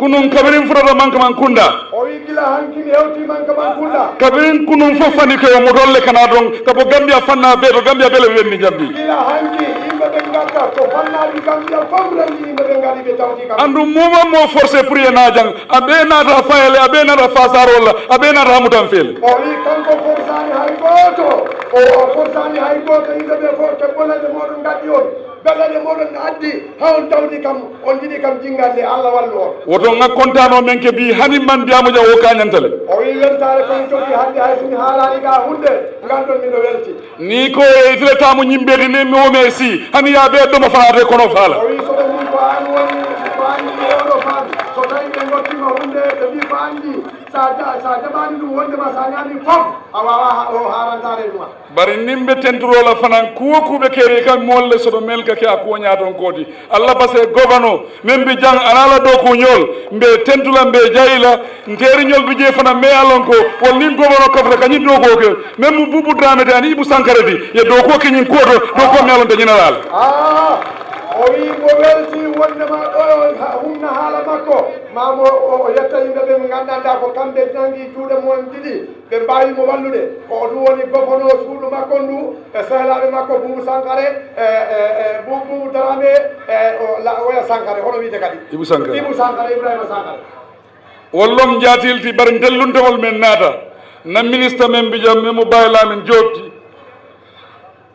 kunun kabirin furada man kaman kunda o yi gila hankini hewti man kaman kunda kabirin kunun fo fani ko mo kana don kabo bo gambia fanna be do gambia bele wenni jambi gila hanki yimbe be ngata ko fanna di gambia famran yimbe be ngali be tawdi kam andu muma mo forcer pour yena jang abe na da fayele abe na da fasarol abe na da mutan fel o yi kanko forsani hay goto o forsani hay goto yimbe be forte bolade modum ngati on galane moɗon addi ha on tawni kam on jiɗi kam jingande allah wallu on woto ngakkontano men ke mbi hani man ndiyamo jaw o kañantele o wi weltare kon cogi hande hay somi haalani ga hunde ganɗon mino welti ni ko e diretamo ñimɓeede ne mi wome si hani yaaɓe ɗoma faade kono faala o wi soɓe min ko an woni ko anɗi oɗo faade so tawi ɓe gottino hunde ɓe mbi ko anɗi Oh, bari nin ɓe tenturola fanan kuwo kuɓe keeri kan kam molle soɗo men kake a kuwoña ton kooti allah pasque gobano min mbi jang anala dow kuñol mbe tentula mbe jayila nteeriñol bi jee fana mais alon ko wolnin gobano kafata kañin dow koo ken même mo bubu dramete ani ibu sankare di ye dow ko keñin kuwoto dow ko mi alon te o wi mo welti wondema ɗo humna haala makko mamo o yetta yimɓe ɓe gandanɗa ko kamɓe jangi juuɗe mumen jiɗi ɓe mbawimo wallude ko ɗum woni gofono suuɗu makko ndu e sehlaɓe makko boubou sankare e boubou darame e, e, e oya sankare hono wiite kadi ibou sankare ibou sankare ibrahima sankare wallom jatilti bar dellundewol men naata nan ministre men mbijam memo bayla men jotti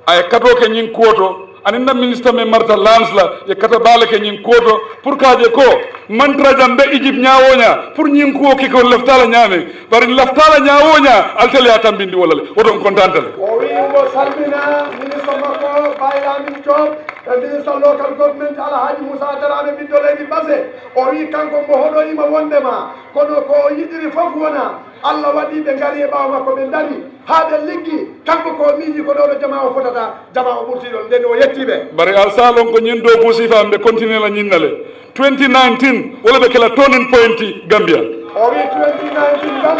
aya kato ke ñing kuwoto aninna ministre me marta la ye kata balake ke ñin koto pour kaaje ko mantrajam be égypte ñawoña pour ñin kuwo ki ko leftala ñaame bari leftala ñawoña altele ya tambindi wolale woton contantale o wi mo salmina ministre makko baylamin cob ministre local government alhaji moussa darame ɓiɗɗo leydi base o wi kanko mbo hoɗoyima wondema kono ko yiɗiri fof wona allah waɗi ɓe ngari e ɓaawo makko ɓe dari ha ɓe liggi kanko ko miiji ko ɗoɗo jama o fotata jama o ɓurti nden o yettiɓe bare a salon ko ñin do busifa ɓe continue la ñinnale 2019 wala ɓe kela tonin pointi gambia o wi 2019 ngan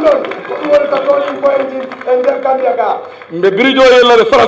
ko ɗum ta tonin pointi e nder gambia ga mbe birijo yellade fara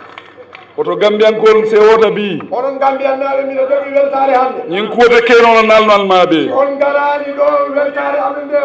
koto gambiyankol se wota bi onon gambiyannaɓe mino jogi weltare de. ñin kuwote kenono nalnal maɓe on garani do weltare amen de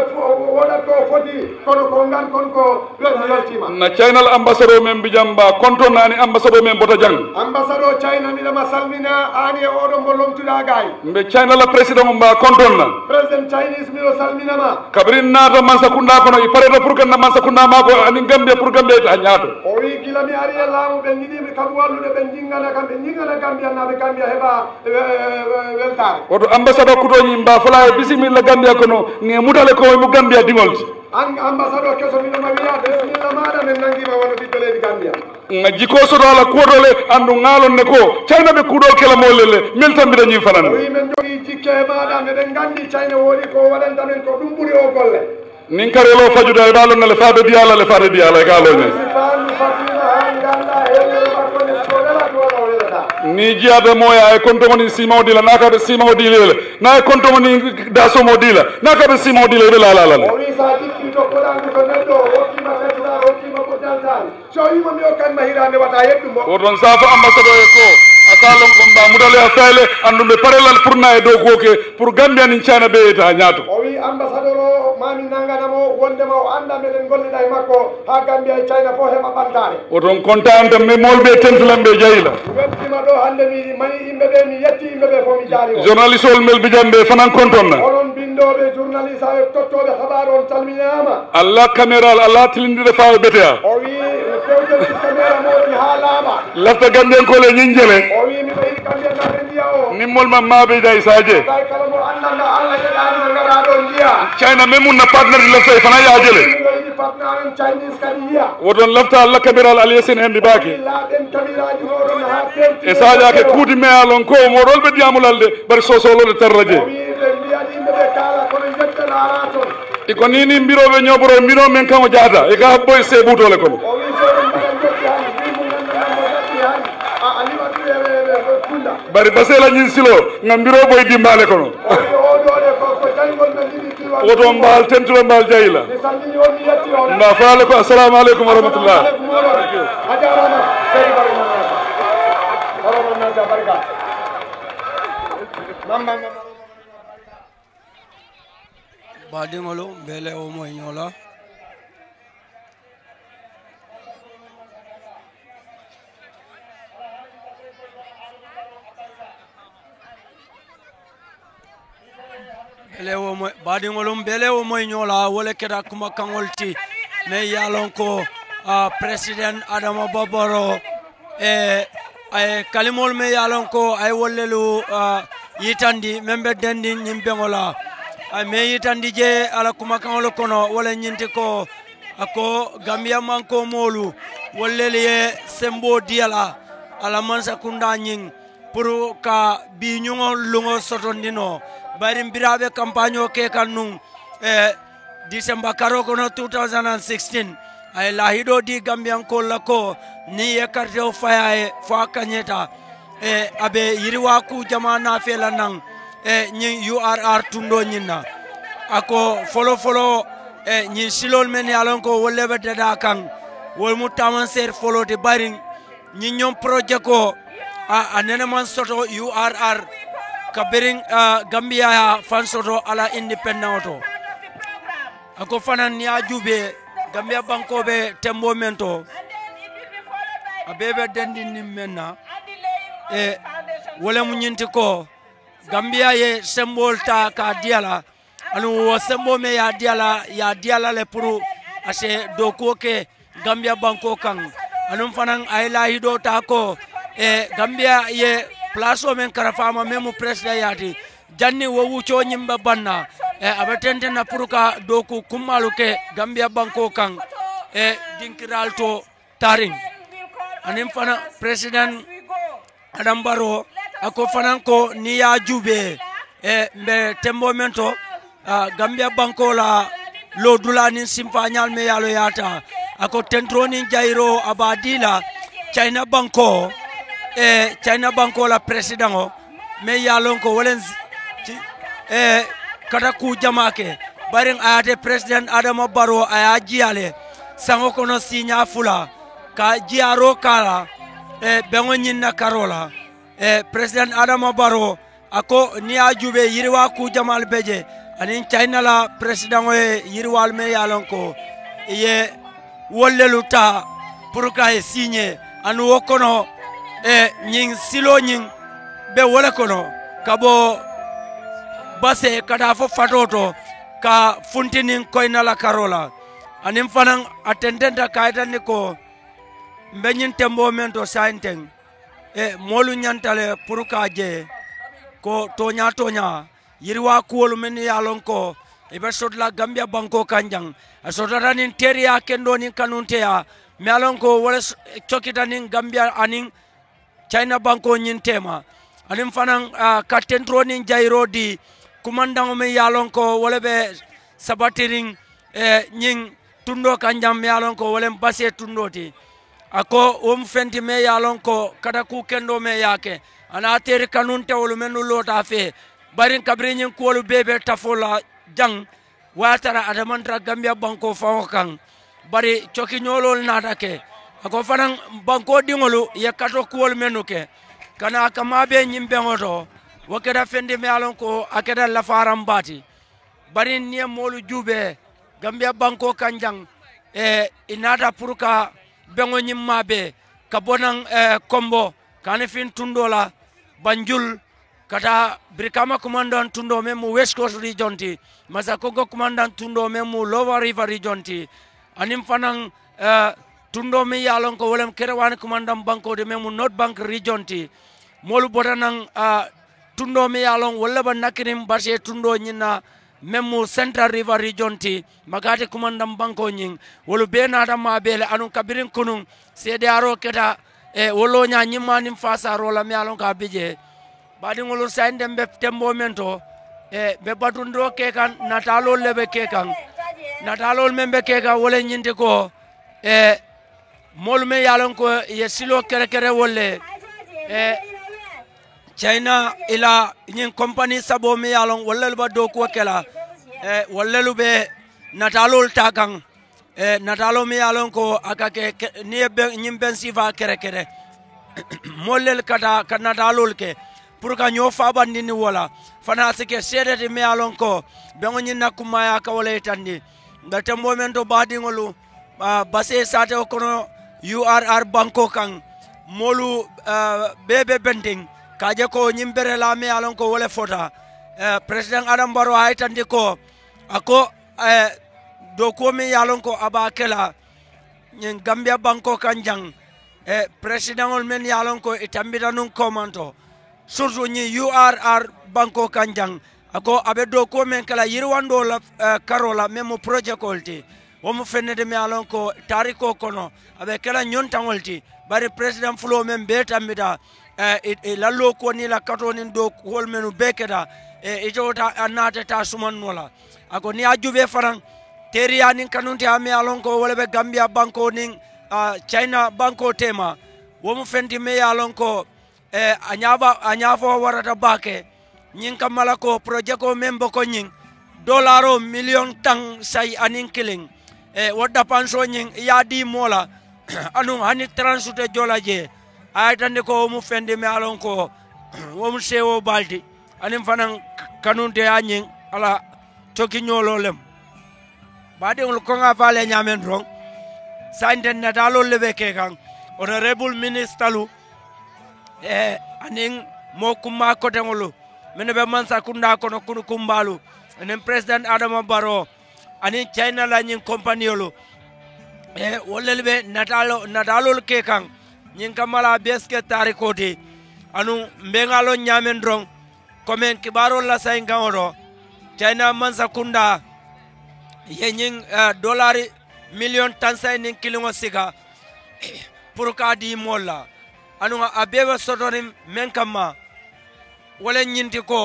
wona ko foti kono ko gan kon ko weltima na caynal ambassadeur men jamba konton nani ambassador men boto jang ambassadeur cayna miɗama salmina ani e odo mbo tuda gay mbe caynal la président mba konton na president chinese salmina ma kabrin naata ko kono i do pour que na ma ko ani gambia pour gambia ta nyaato o wi kilami mi ari e laamu ɓen jiɗimi kam wallude ɓe jinggana kamɓe jinggana a gambiya heɓa a woto ambassadeur kutoñi mba fala e bisimilla gambiya kono ne ko waymo gambiya diŋolde an ambassadeur kesominoma wiya bisimilla maɗa min nanguima wono ɓiɓɓe leydi gambiya jiko soto ala ko cayna ɓe kuuɗol kela mollele min tambita ñin fanande wi min jogii jikke e maɗa nin karelo fajuda e ɓaalon ele faade diyala le faade diyala e kaaloñe ni jiabe moya e kontomoni simao dila na kaɓe simao dilele na e kontomoni dasomo dila na kaɓe simao dila eɓe laalalale woton safo ambassadeur e ko kalon kon mba mudaloya e sahle andumɓe parellal pourna e dow goke pour gambi anin thiana beyeyta ñaato o wi ambassadeur o mami nanganamo wondema o anda meɗen golleɗa e makko ha gambi e thina fo heɓa ɓantare oton contante mi molɓe e tentilam ɓe jayila weltima ɗo hande mi mani yimɓeɓe mi yetti yimɓeɓe fo mi jaari journaliste olmel bijamɓe fanan contonna onon mbi winndooɓe journaliste aɓe tottooɓe habaar on salminaama allah caméral allah tilindire faawe bete a o wii fewjeni caméra moodi haa laaɓa lafta ganndenkole ñiñjele o wii mi ɓayi ganndenaɓe ndiya o nimmol ma maabeydayi sadie tawi kala mo anndanda allah heɗaanino ngaɗa ɗo ndiya cayna mais mum no partnerde lafta e fana yaajele partnaren chinese kadi yiya woɗon lafta allah caméral aliyasine hen mi baake laaɓen camiraji moɗon haa pertie e saaƴaake kuudi meyalon ko moɗon ɓeddiyamulalde bare sosolode tarradie i ko nini mbiroɓe ñoɓoro mbino men kan o jahata e ga boy se ɓuutole kono bari basela ñin silo gam mbiro boy dimbale kono woto mbaal tentiro mbaal jayila nda faale ko assalamu aleykum wa Badingolo mbele Omo Inyola. baadiŋolum bele wo moy ñola wole keda kuma kaŋol ti me ye lon ko uh, president adama babaro e eh, eh, kalimol me ye lon ko ay wollelu uh, yitandi meŋ be dendi ñiŋ beŋo la amen yitandi je ala kumakaŋolu kono wala ñinti ko ako gambiya manko moolu wallelu ye sembo diya la ala mansa kunda ñiŋ pour ka biñuŋo luŋo sotondi no bari mbiraɓe campagne o ke kaŋ nuŋ eh, disemba karo kono 2016 a ye lahiɗo di gambiyankol la ko niŋ ye kartewo fayaye fo a kañeta eh, be yiriwa ku jama nafe la naŋ e ñin urr tundo ñinna ako folo folo e ñin silol men yalon ko wolleɓeteda kan wolmu tamanser folote barin ñin ñon projet ko a, a neneman soto urr ka birin ya fan soto ala independent to ako fanan ni a gambiya banko bankoɓe tembo men to a ɓeɓe dendinnin men na e wolemu ñinti ko gambia ye sembol ta ka diala anu wo sembo me ya diala ya diala le pour ase doko ke gambia banko kan anum fanan ay lahido ta ko e gambia ye place men men karafama memu president yati janni wo wuco nyimba banna e aɓe na pour ka doku kummalu ke gambia banko kan e dinkiral to tarin anin fana président adam baro ako ko fanan ko ni ya jube e mbe tembo men to ah, gambia banko la lo dula ni simfa me yalo yata ako tentro ni jairo abadila china banko e china banko la president o me yalon ko wolen e eh, kata ku jamake barin ayate president adama baro aya jiyale sango kono sinya fula ka jiyaro kala e bengo nyinna karola eh, president adama baro ako ni a jube yiriwa ku jamal beje ani china la president ye yiriwal me yalon ko ye wollelu ta pour ka ye signé anu wo kono e eh, nying silo nying be wole kono kabo base kada fo fatoto ka funtinin koynala karola anin fanan ka kayitanni ko mbe ñin tembo men to e moolu ñantale pour ka je ko toña toña yiriwa kuwolu men ye lon ko i be sotula gambia banko kanjang jaŋ e a sotulata nin teriya kendo nin kanunteya mi ye lon ko wo le cokita gambia anin china banko ñin tema anin fanan uh, ka tenturo niŋ jayiro di kumandaŋo min ye lon ko wo be sabatiriŋ eh, ñiŋ tundo kan mi me lon ko wo basiye tundo ti ako wom fenti me ya ko kata ku kendo me yake ana teri kanun tewolu menu lota fe barin kabri nyin kuwolu bebe tafola jang watara adamantara gambia banko fawo kan bari coki ñolol nata ke ako fanan banko diŋolu ye kato kuwol menu ke kana kama be ñin beŋo to wo keda fendi me alon ko a lafaram bati bari niye molu jube gambia banko kan jang e inata pour ka bengo ñiŋ ka bonan eh, kombo kani fin tundo la banjul kata brikama kumandan tundo me mu west coast region ti masakongo kumandan tundo me mu lower river region ti anim fanan eh, tundo meŋ ye ko wo lem kerewaani banko de me mu north bank region ti moolu bota naŋ uh, ah, tundo meŋ ye a ba nakiriŋ basee tundo ñiŋ na memu central river region ti magati kumandam banko nyin wolu be nata ma bele anun kabirin kunun cdro keta e wolo nya nyimani fasa rola mi alon ka bije badi ngolu sande mbe tembo mento e be batundo ke kan natalo lebe ke kan natalo membe ke ka wole nyinde ko e mol me yalon ko ye silo kere kere wolle e china ila ñin compagnie sabo mi yalon wallelu ba do ko kala e wallelu be natalol ta kan e natalo mi yalon ko akake ni be ñin ben sifa kere kere mollel kata ka natalol ke pour ka ño fabandi ni wala fana sike sedete mi yalon ko be ñin nakumaya ka wala itandi ngal tembo men to badingolu uh, base sate kono urr banko kan molu uh, e, bebe bending kaje ko nyimbere la me alon ko wole fota eh, president adam baro haytandi ko ako eh, dokuwo min ye lon ko aba kela ñin gambia banko kan jang eh, presidentol men ye ko e tambita nun komanto surtout ñin urr banko kan jang ako aɓe dokuwo men kala yirwando la eh, karo la min mo projet kol ti womo fennede mi ye ko tariko kono aɓe kela ñontaŋol ti bari president fulo men be tambita e lallo koni la katonin do hol menu bekeda e eh, jota anata ta sumannola nola ako ni ajube faran teriya nin kanunte ame alonko wala be gambia banko nin ah, china banko tema wo mu fenti me ko e eh, anyaba anyafo warata bake nyin kamala ko project ko membo ko nyin dolaro million tang sai anin killing e eh, wadda panso nyin ya di mola anu hani transute jola je ayitandi ko womu fendi mi alon ko womu sewo baldi anin fanan kanunde a ala coki ñolo lem baɗiŋol koŋa fale ñamen dron sainten netalol le ɓe ke kan honorable ministre lu e eh, anin mo kumma koteŋolu mine ɓe mansa kunda kono kunu kumbalu anin président adama baro anin china la ñin compagnie eh, lu e wollel ɓe natalo natalol ke kan ñiŋ kamala beske tari koti anu mbeŋa lo ñamen doroŋ komen kibarol la sayin kaŋo do china mansa kunda ye ñiŋ uh, eh, dolari million tansayi niŋ kiliŋo siga pour ka di mool la anu a bee be sotonin meŋ kamma wo le ñinti ko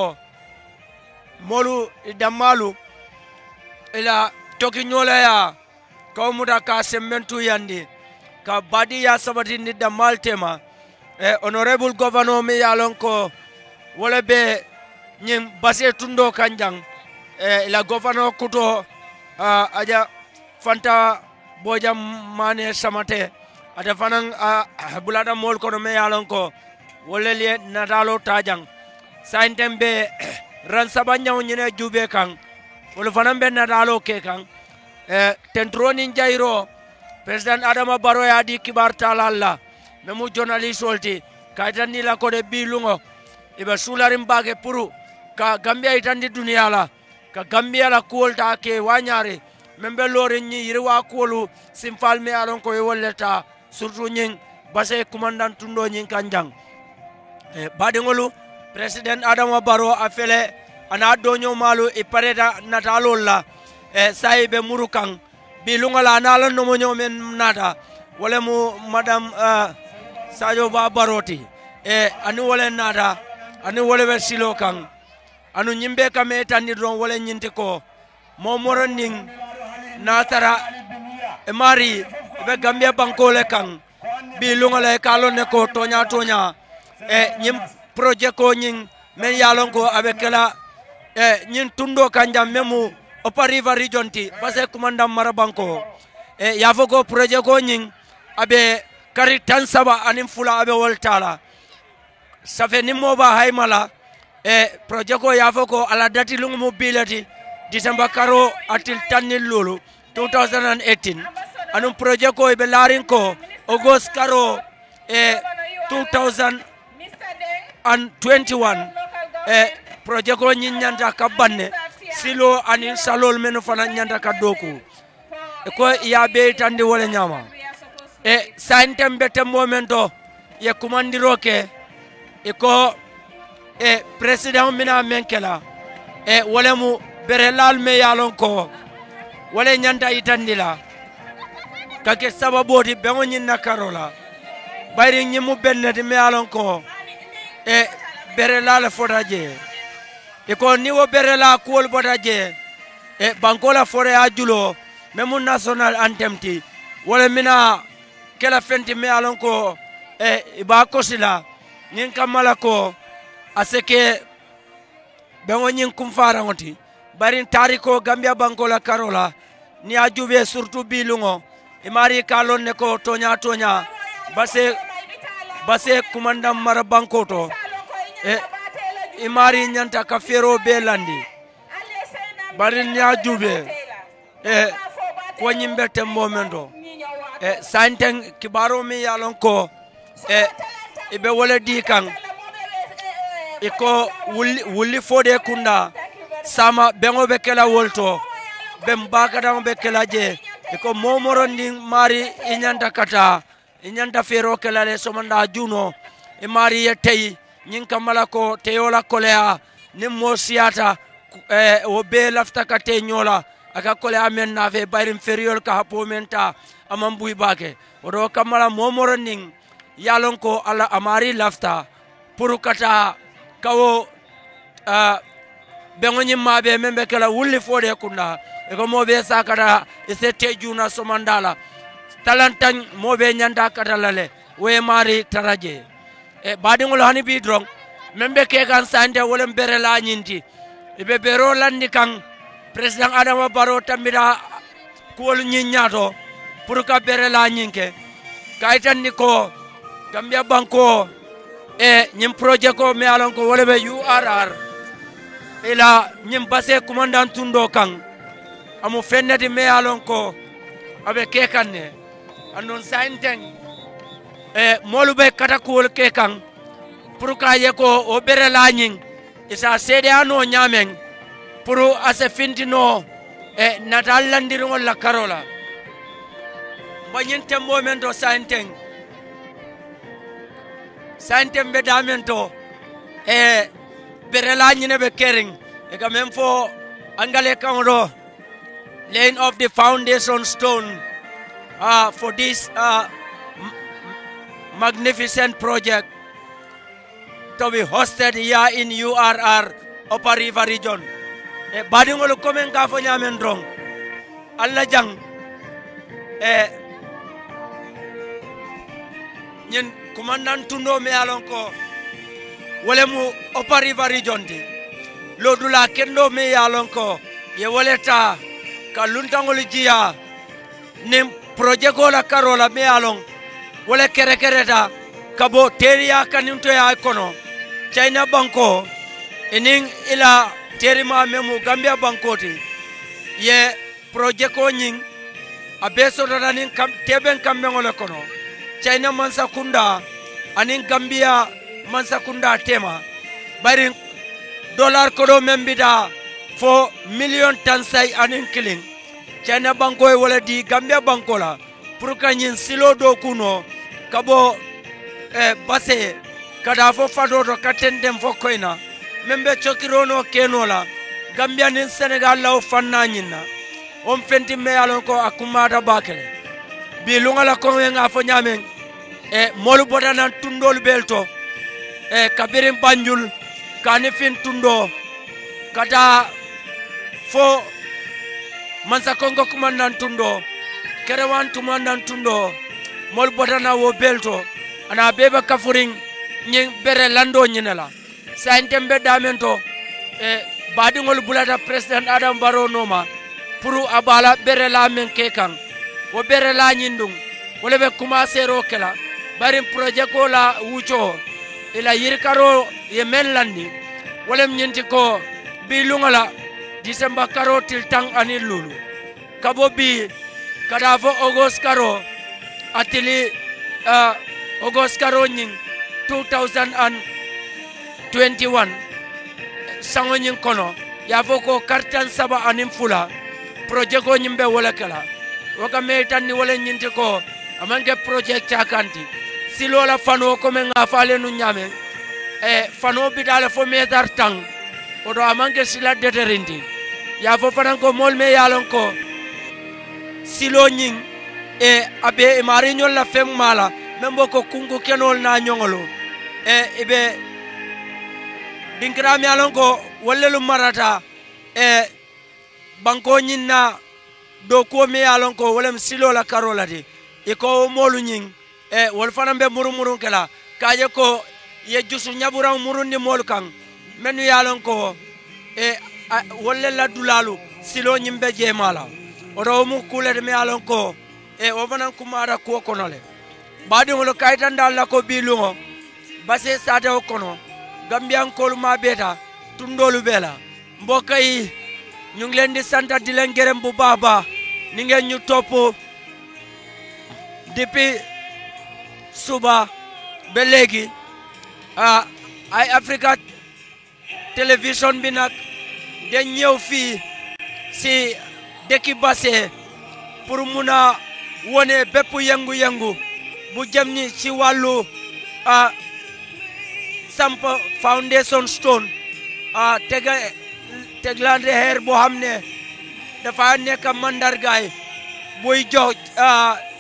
moolu damalu ila tokiñola ya kawo ka sembentu yandi ka ya sabatindi dammal tema e honorable governor mi yalon ko wala be ñin base tundo kanjang ila e la governor kuto uh, aja fanta boja mane samate ata fanan uh, bulada mol kono me yalon ko wala le nadalo tajang sainten be ran ñine jube kan wala fanan be nadalo ke kan e tentroni jairo president adama baro ya di kibar talal la memu journalist wolti kaitan ni la kode bilungo iba sularin bage puru ka gambia itandi duniya la ka gambia la kuwol ta ke wañaare men be lorin ñi yiriwa kuwolu simfal me alon ko e wolleta surtout ñing base commandant tundo ñing kanjang e badingolu president adama baro a fele ana doño malu e pareta natalol la e eh, be muru kaŋ bi lungala na lan no men nata wale mu madam uh, sajo ba baroti e anu wale nata anu wale be silo kan anu nyimbe kame tani don wala nyinte ko mo moroning natara e mari be gambia banko le kan bi lungala e kalo ne ko tonya tonya e nyim projet ko nyin men yalon ko abekela e nyin tundo kanjam memu upper river region ti base kumandam marabanko e yafo ko projet ko nyin abe kari tan saba anin fula abe woltala safe ni moba haymala e projet ko yafo ko ala dati lungumu bilati december karo atil tannil lulu 2018 anum projet ko be larin ko august karo e 2021 e projet ko nyinyanta kabbanne silo ani salol menu fana nyanta ka doku ko ya be tande wala nyama e santem bete momento ye kumandiro ke e ko e president mina menkela e wala mu bere lal me yalon ko wala nyanta itandila kake sababoti beŋo ñiŋ na karo la bayiri ñiŋ mu benneti me ye ko e bere la le fota jee iko ni wo berela kuol bota je e bankola fore a julo me mu national anthem ti wole mina kela fenti me alon ko e iba kosila ñin kammala ko aseke won ñin kum ti bari barin tariko gambia bankola karola ni a jube surtout bilungo e ka kalon ne ko toña toña base base kumandam mara banko to e imari ñanta ka feero be landi bari nya jube e eh, ko nyimbe tembo momendo e eh, santen kibaro mi yalon ko e ibe wala di kan iko wulli, wulli fode kunda sama bengo be kela wolto be mbakadamo be kela je iko momorondin mari iñanta kata iñanta feero kelale somanda juno mari ye teyi ñiŋ ka mala ko teyo la koleya niŋ moo siyata eh, wo bee lafita ka te ñoo la a ka koleya meŋ naafe bayiriŋ feriyol ka hapo meŋ ta a maŋ buyi baa ke wo do ka mala moomoro niŋ ye loŋ ko alla a maari lafita puru ka taa ka uh, eh, beŋo ñiŋ maabee meŋ be ke la wulli fo de kunda e ko moo bee saa kata i se te juuna somanda la talantaŋ moo bee ñanta kata la le wo ye maari tara jee e eh, baɗigol hani bi dron min ɓe kekan sande wolen bere lañinti ɓe bero landi kan président adama baro tambita kuwol ñiññato pour ka bere lañinke kayitanni ko gambia banko e ñin projet ko eh, mi alon ko wole ɓe urr ila ñin base commandant tundo kan amu fenneti mi alon ko aɓe kekanne ne sayin teng eh, moolu be katakuwolu ke kaŋ pour ka ye ko wo bere la nyin isa seedeyanoo ñaameŋ pour a se e eh, natal landir la karo la karola ñiŋ tenboo meŋ to sayanteŋ be damen to eh, bere la nyine be keriŋ e ka men fo angale kaŋo do lane of the foundation stone uh, for this uh, magnificent project to be hosted here in URR Upper River Region. E badingol komen ka fo nyamen drong. Alla jang e nyen kumandan tundo me alon ko wole mu Upper River Region di. Lodula kendo me alon ko ye woleta ka luntangol jiya nim projet gola karola me alon wo le kerekereta ka bo teriya kanintoya kono china banko inin ila terima memu gambia banko ti ye projet ko ñing a be sotota nin kam, teben kammeŋo le kono china mansa kunda anin gambia mansa kunda tema bari dollar kodo men bita fo million tansai anin kiliŋ china banko ye wo le di gambia banko la pour que nous silo do kuno eh, ka e eh, kada ka fo fado do ka tenden fo koyna membe be no keno la gambia ni senegal law fanna ɲin na on fenti me alon lon ko a kummata bi luŋa la ko nga fo ɲameŋ e eh, molu botanan tundol belto to eh, kabirim banjul kani fin tundo kada fo mansa kongo kuman nan tundo kerewan tuman nan tundo mol botana wo belto ana bebe kafurin nyin bere lando nyinela santem be damento e badingol bulata president adam baro noma pour abala bere la men ke kan wo bere la nyindum wole be kuma sero kela bari projet ko la wucho ila yirkaro ye men landi wolem nyinti ko bi lungala disemba karo til tang ani lulu kabo bi ogos karo atili uh, karo nying 2021 sango nying kono yafo ko kartan saba anim fula projet ko nyimbe wala kala waka metan ni wala nyinti ko amanke projet si lola fano ko nga fale nu nyame e fano bidale fo metar tang odo amange sila deterindi yafo fanan ko mol me yalon ko silo siloñing e eh, abe e eh, mariñol la fem mala membo ko kungu kenol na ñongolo e eh, ibe dinkirami alon ko wallelu marata e banko ñin na do kuwo mi alon ko wolem silo la karo la ti i ko moolu ñing e wol fana be muru murun kela kaje ko ye jusu ñaburan murundi moolu kan menu ye alon ko e wolle la dulalu silo ñim be jeema la oto mu kulere me e o fanan kuma ara kuwo kono le baɗiŋolu kayitandal la ko biluŋo base satewo kono gambiyankolu ma beta tundolu be la mbo kayi ñung leen di santa di leen gërëm bu baax baax ni ñu topp depuis suba ba léegi ah ay Africa télévision bi nag dañ ñëw fii si dëkki Basse pour mun a wone bépp yëngu-yëngu bu jëm ni ci wàllu a samp foundation stone a tega teglante xeer boo xam ne dafa nekk mandargaay buy jox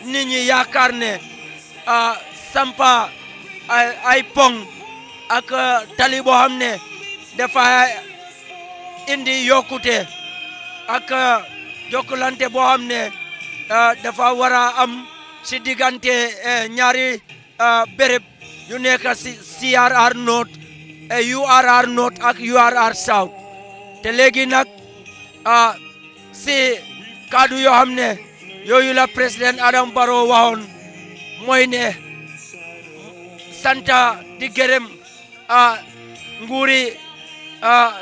nit yaakaar ne sampa ay pong ak tali boo xam ne dafa indi yokkute ak jokkalante boo xam ne euh, dafa war a am si diggante euh, ñaari euh, béréb yu nekk si CRR North URR North ak URR South te léegi nag si kaddu yoo xam ne yooyu la président Adam Barrow waxoon mooy ne santa di gërëm nguuri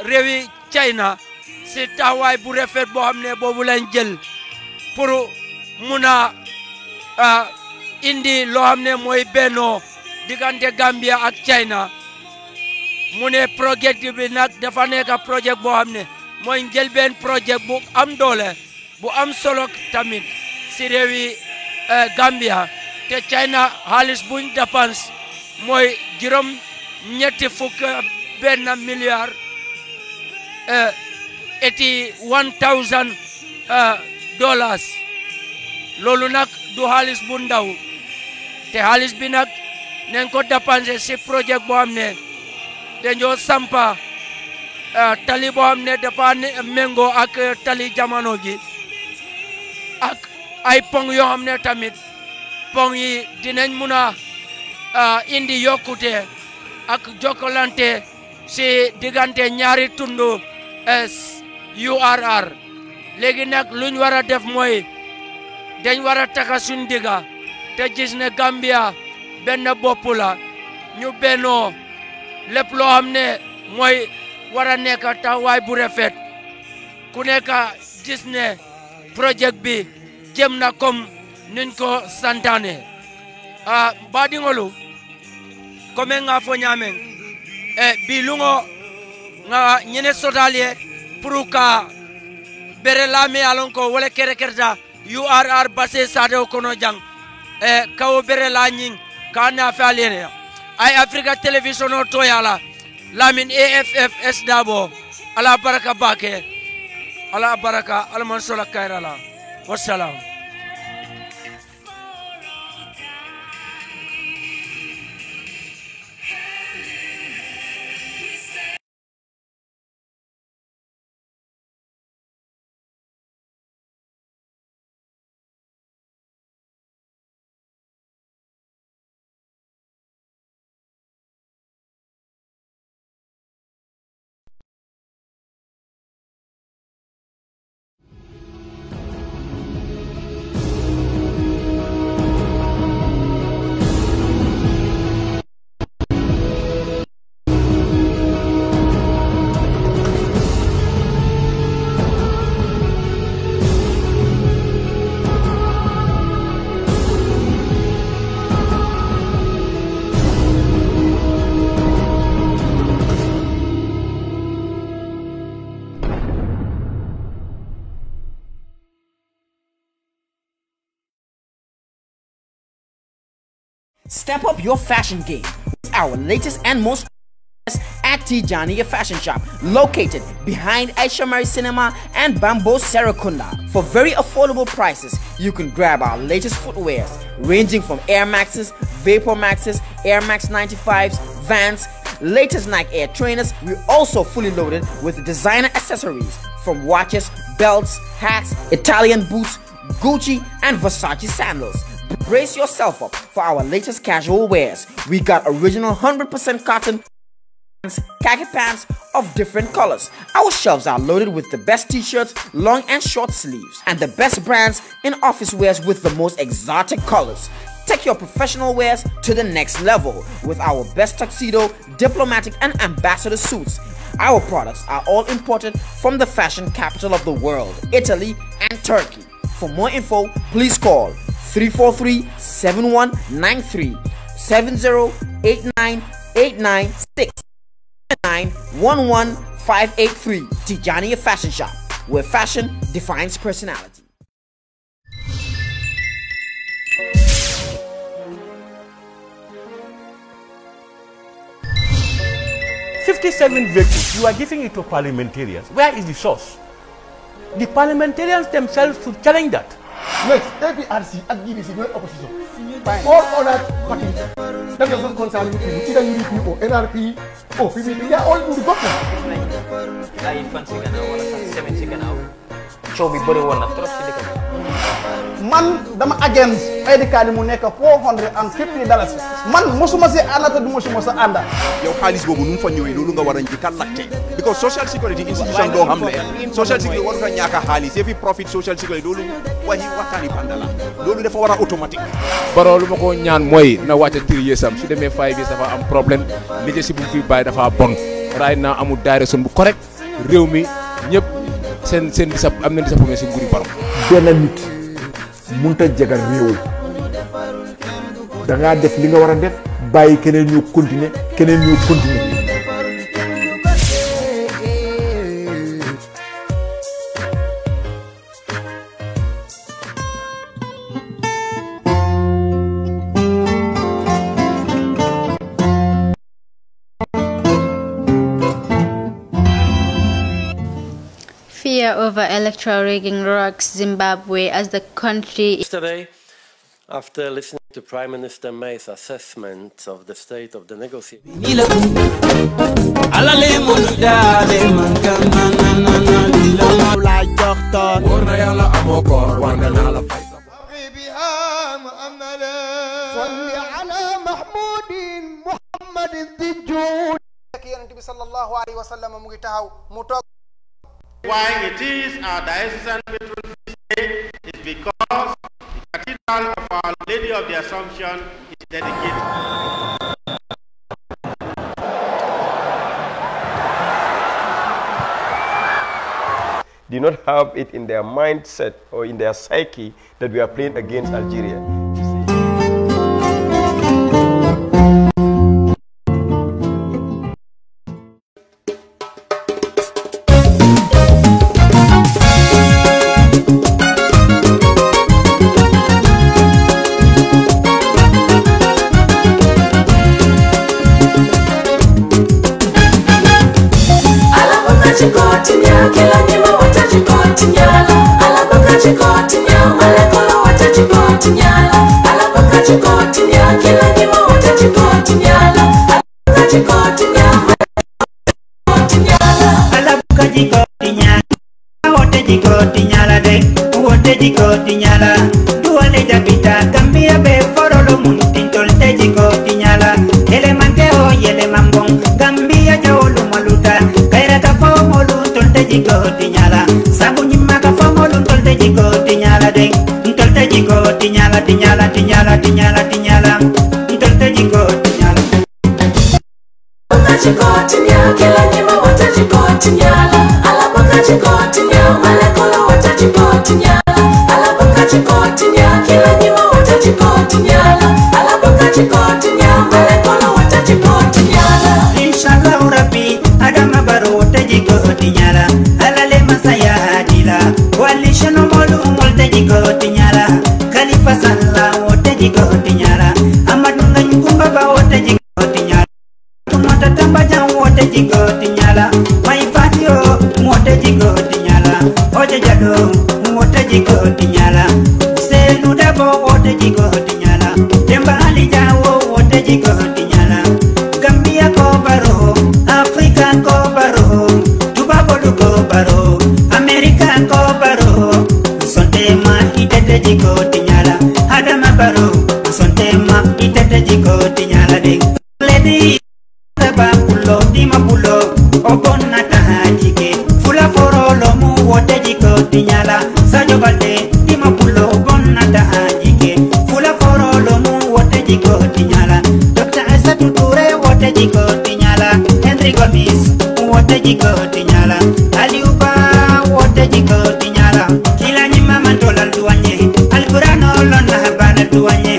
réewi China si taxawaay bu rafet boo xam ne boobu lañ jël pour mun a indi loo am ne mooy bennoo diggante Gambia ak China mu ne projet bi nag dafa nekk boo xam ne mooy njëlbeen projet bu am doole bu am solo tamit si réewi e, Gambia te China xaalis buñ dépense mooy juróom ñetti fukk benn milliard e, 81000 uh, dollars loolu nag du xaalis bu ndaw te xaalis bi nag nañ ko dépensé si projet boo xam ne dañoo sampa uh, tali boo ne dafa méngoo ak tali jamono gi ak ay pong yoo xam ne tamit pong yi dinañ mun a uh, indi yokkute ak jokkalante si diggante ñaari tundu URR léegi nag luñ war a def mooy dañ war a taka suñ digga te gis ne Gambia benn bopp la ñu bennoo lépp loo xam ne mooy war a nekk taxawaay bu rafet ku nekk gis ne projet bi jém na comme niñ ko santaane a baadiŋolu comme nga fo e bi luŋo nga ñene sotaal ye pour ka bere lami alon ko wole kere kerta urr base sade o kono jang e kawo bere la nying kana fa lene ay africa television o to yala lamin aff s ala baraka bake ala baraka sola kairala wassalam Step up your fashion game with our latest and most at Tijaniya Fashion Shop, located behind Aishamari Cinema and Bamboo Serakunda. For very affordable prices, you can grab our latest footwears, ranging from Air Maxes, Vapor Maxes, Air Max 95s, Vans, latest Nike Air trainers. We're also fully loaded with designer accessories from watches, belts, hats, Italian boots, Gucci, and Versace sandals. Brace yourself up for our latest casual wears. We got original 100% cotton pants, khaki pants of different colors. Our shelves are loaded with the best t-shirts, long and short sleeves, and the best brands in office wears with the most exotic colors. Take your professional wears to the next level with our best tuxedo, diplomatic, and ambassador suits. Our products are all imported from the fashion capital of the world, Italy and Turkey. For more info, please call 343 7193 7089896 91583 Tijania Fashion Shop, where fashion defines personality. Fifty-seven victims. You are giving it to parliamentarians. Where is the source? The parliamentarians themselves should challenge that. léegi APRC ak GDC ñooy opposition. or on a parties that are not concerned with you, either UDP or NRP or PDP, they are all in the government. ay fan si gannaaw wala sax semaine si gannaaw coow bi bëri woon na trop si dëkk bi. man dama against Aidikali mu nekk 450 dalasi man mosuma si àndata du mosuma sa ànda yow xaalis boobu nu mu fa ñëwee loolu nga war a njëkk a laajte because social security institution doo xam a waxi waxtaani banda la loolu dafa war a automatique baroo lu ma ko ñaan mooy na wàcca three years am su demee five years dafa am problème liggéey bu mu dafa bon raay naa amul direction bu correct réew mi ñëpp seen seen disap am na disappointé si nguuri Barrow. benn nit mënut a jagal réew da ngaa def li nga war a def bàyyi keneen ñu continuer keneen ñu continuer. over electoral rigging rocks Zimbabwe as the country. Yesterday, after listening to Prime Minister May's assessment of the state of the negotiations. Why it is our diocesan patron feast day is because the Cathedral of Our Lady of the Assumption is dedicated. do not have it in their mindset or in their psyche that we are playing against Algeria. Dunia kila nyima watachikoti nyala Alabuka chikoti nyama Alabuka jikoti nyala Wote jikoti nyala de Wote jikoti nyala Duwale japita kambia beforolo Elemante oyele mambong Kambia jaolu maluta Kaira tolte jikoti nyala Sabu nyima tolte jikoti nyala de Tolte jikoti nyala Tinyala tinyala tinyala tinyala Alalema sayadila, walisha no molumu jigo tinyala mai fatio muota jigo tinyala oje jado muota jigo tinyala selu dabo ote jigo tinyala demba ali jawo ote jigo tinyala gambia ko baro afrika ko baro dubabodu ko baro amerika ko baro sonte ma itete jigo tinyala adama baro sonte ma itete jigo tinyala de lady tima bulo ogonna tahajike fula lo mu wote jiko tinyala sajo balde tima bulo ogonna tahajike fula lo mu wote jiko tinyala dokta asatu tuture wote jiko tinyala henry gomis wote jiko tinyala uba wote jiko tinyala kila nyima mantolal duwanye alkurano lonna habana duwanye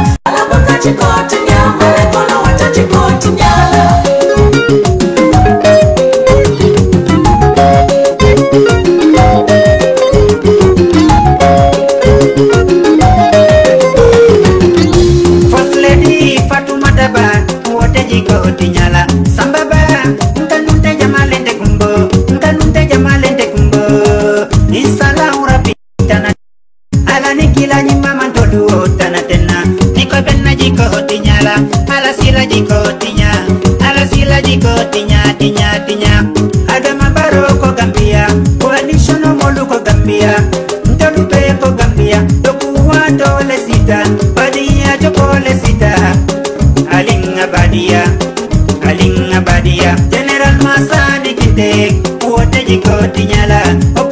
ti tinyala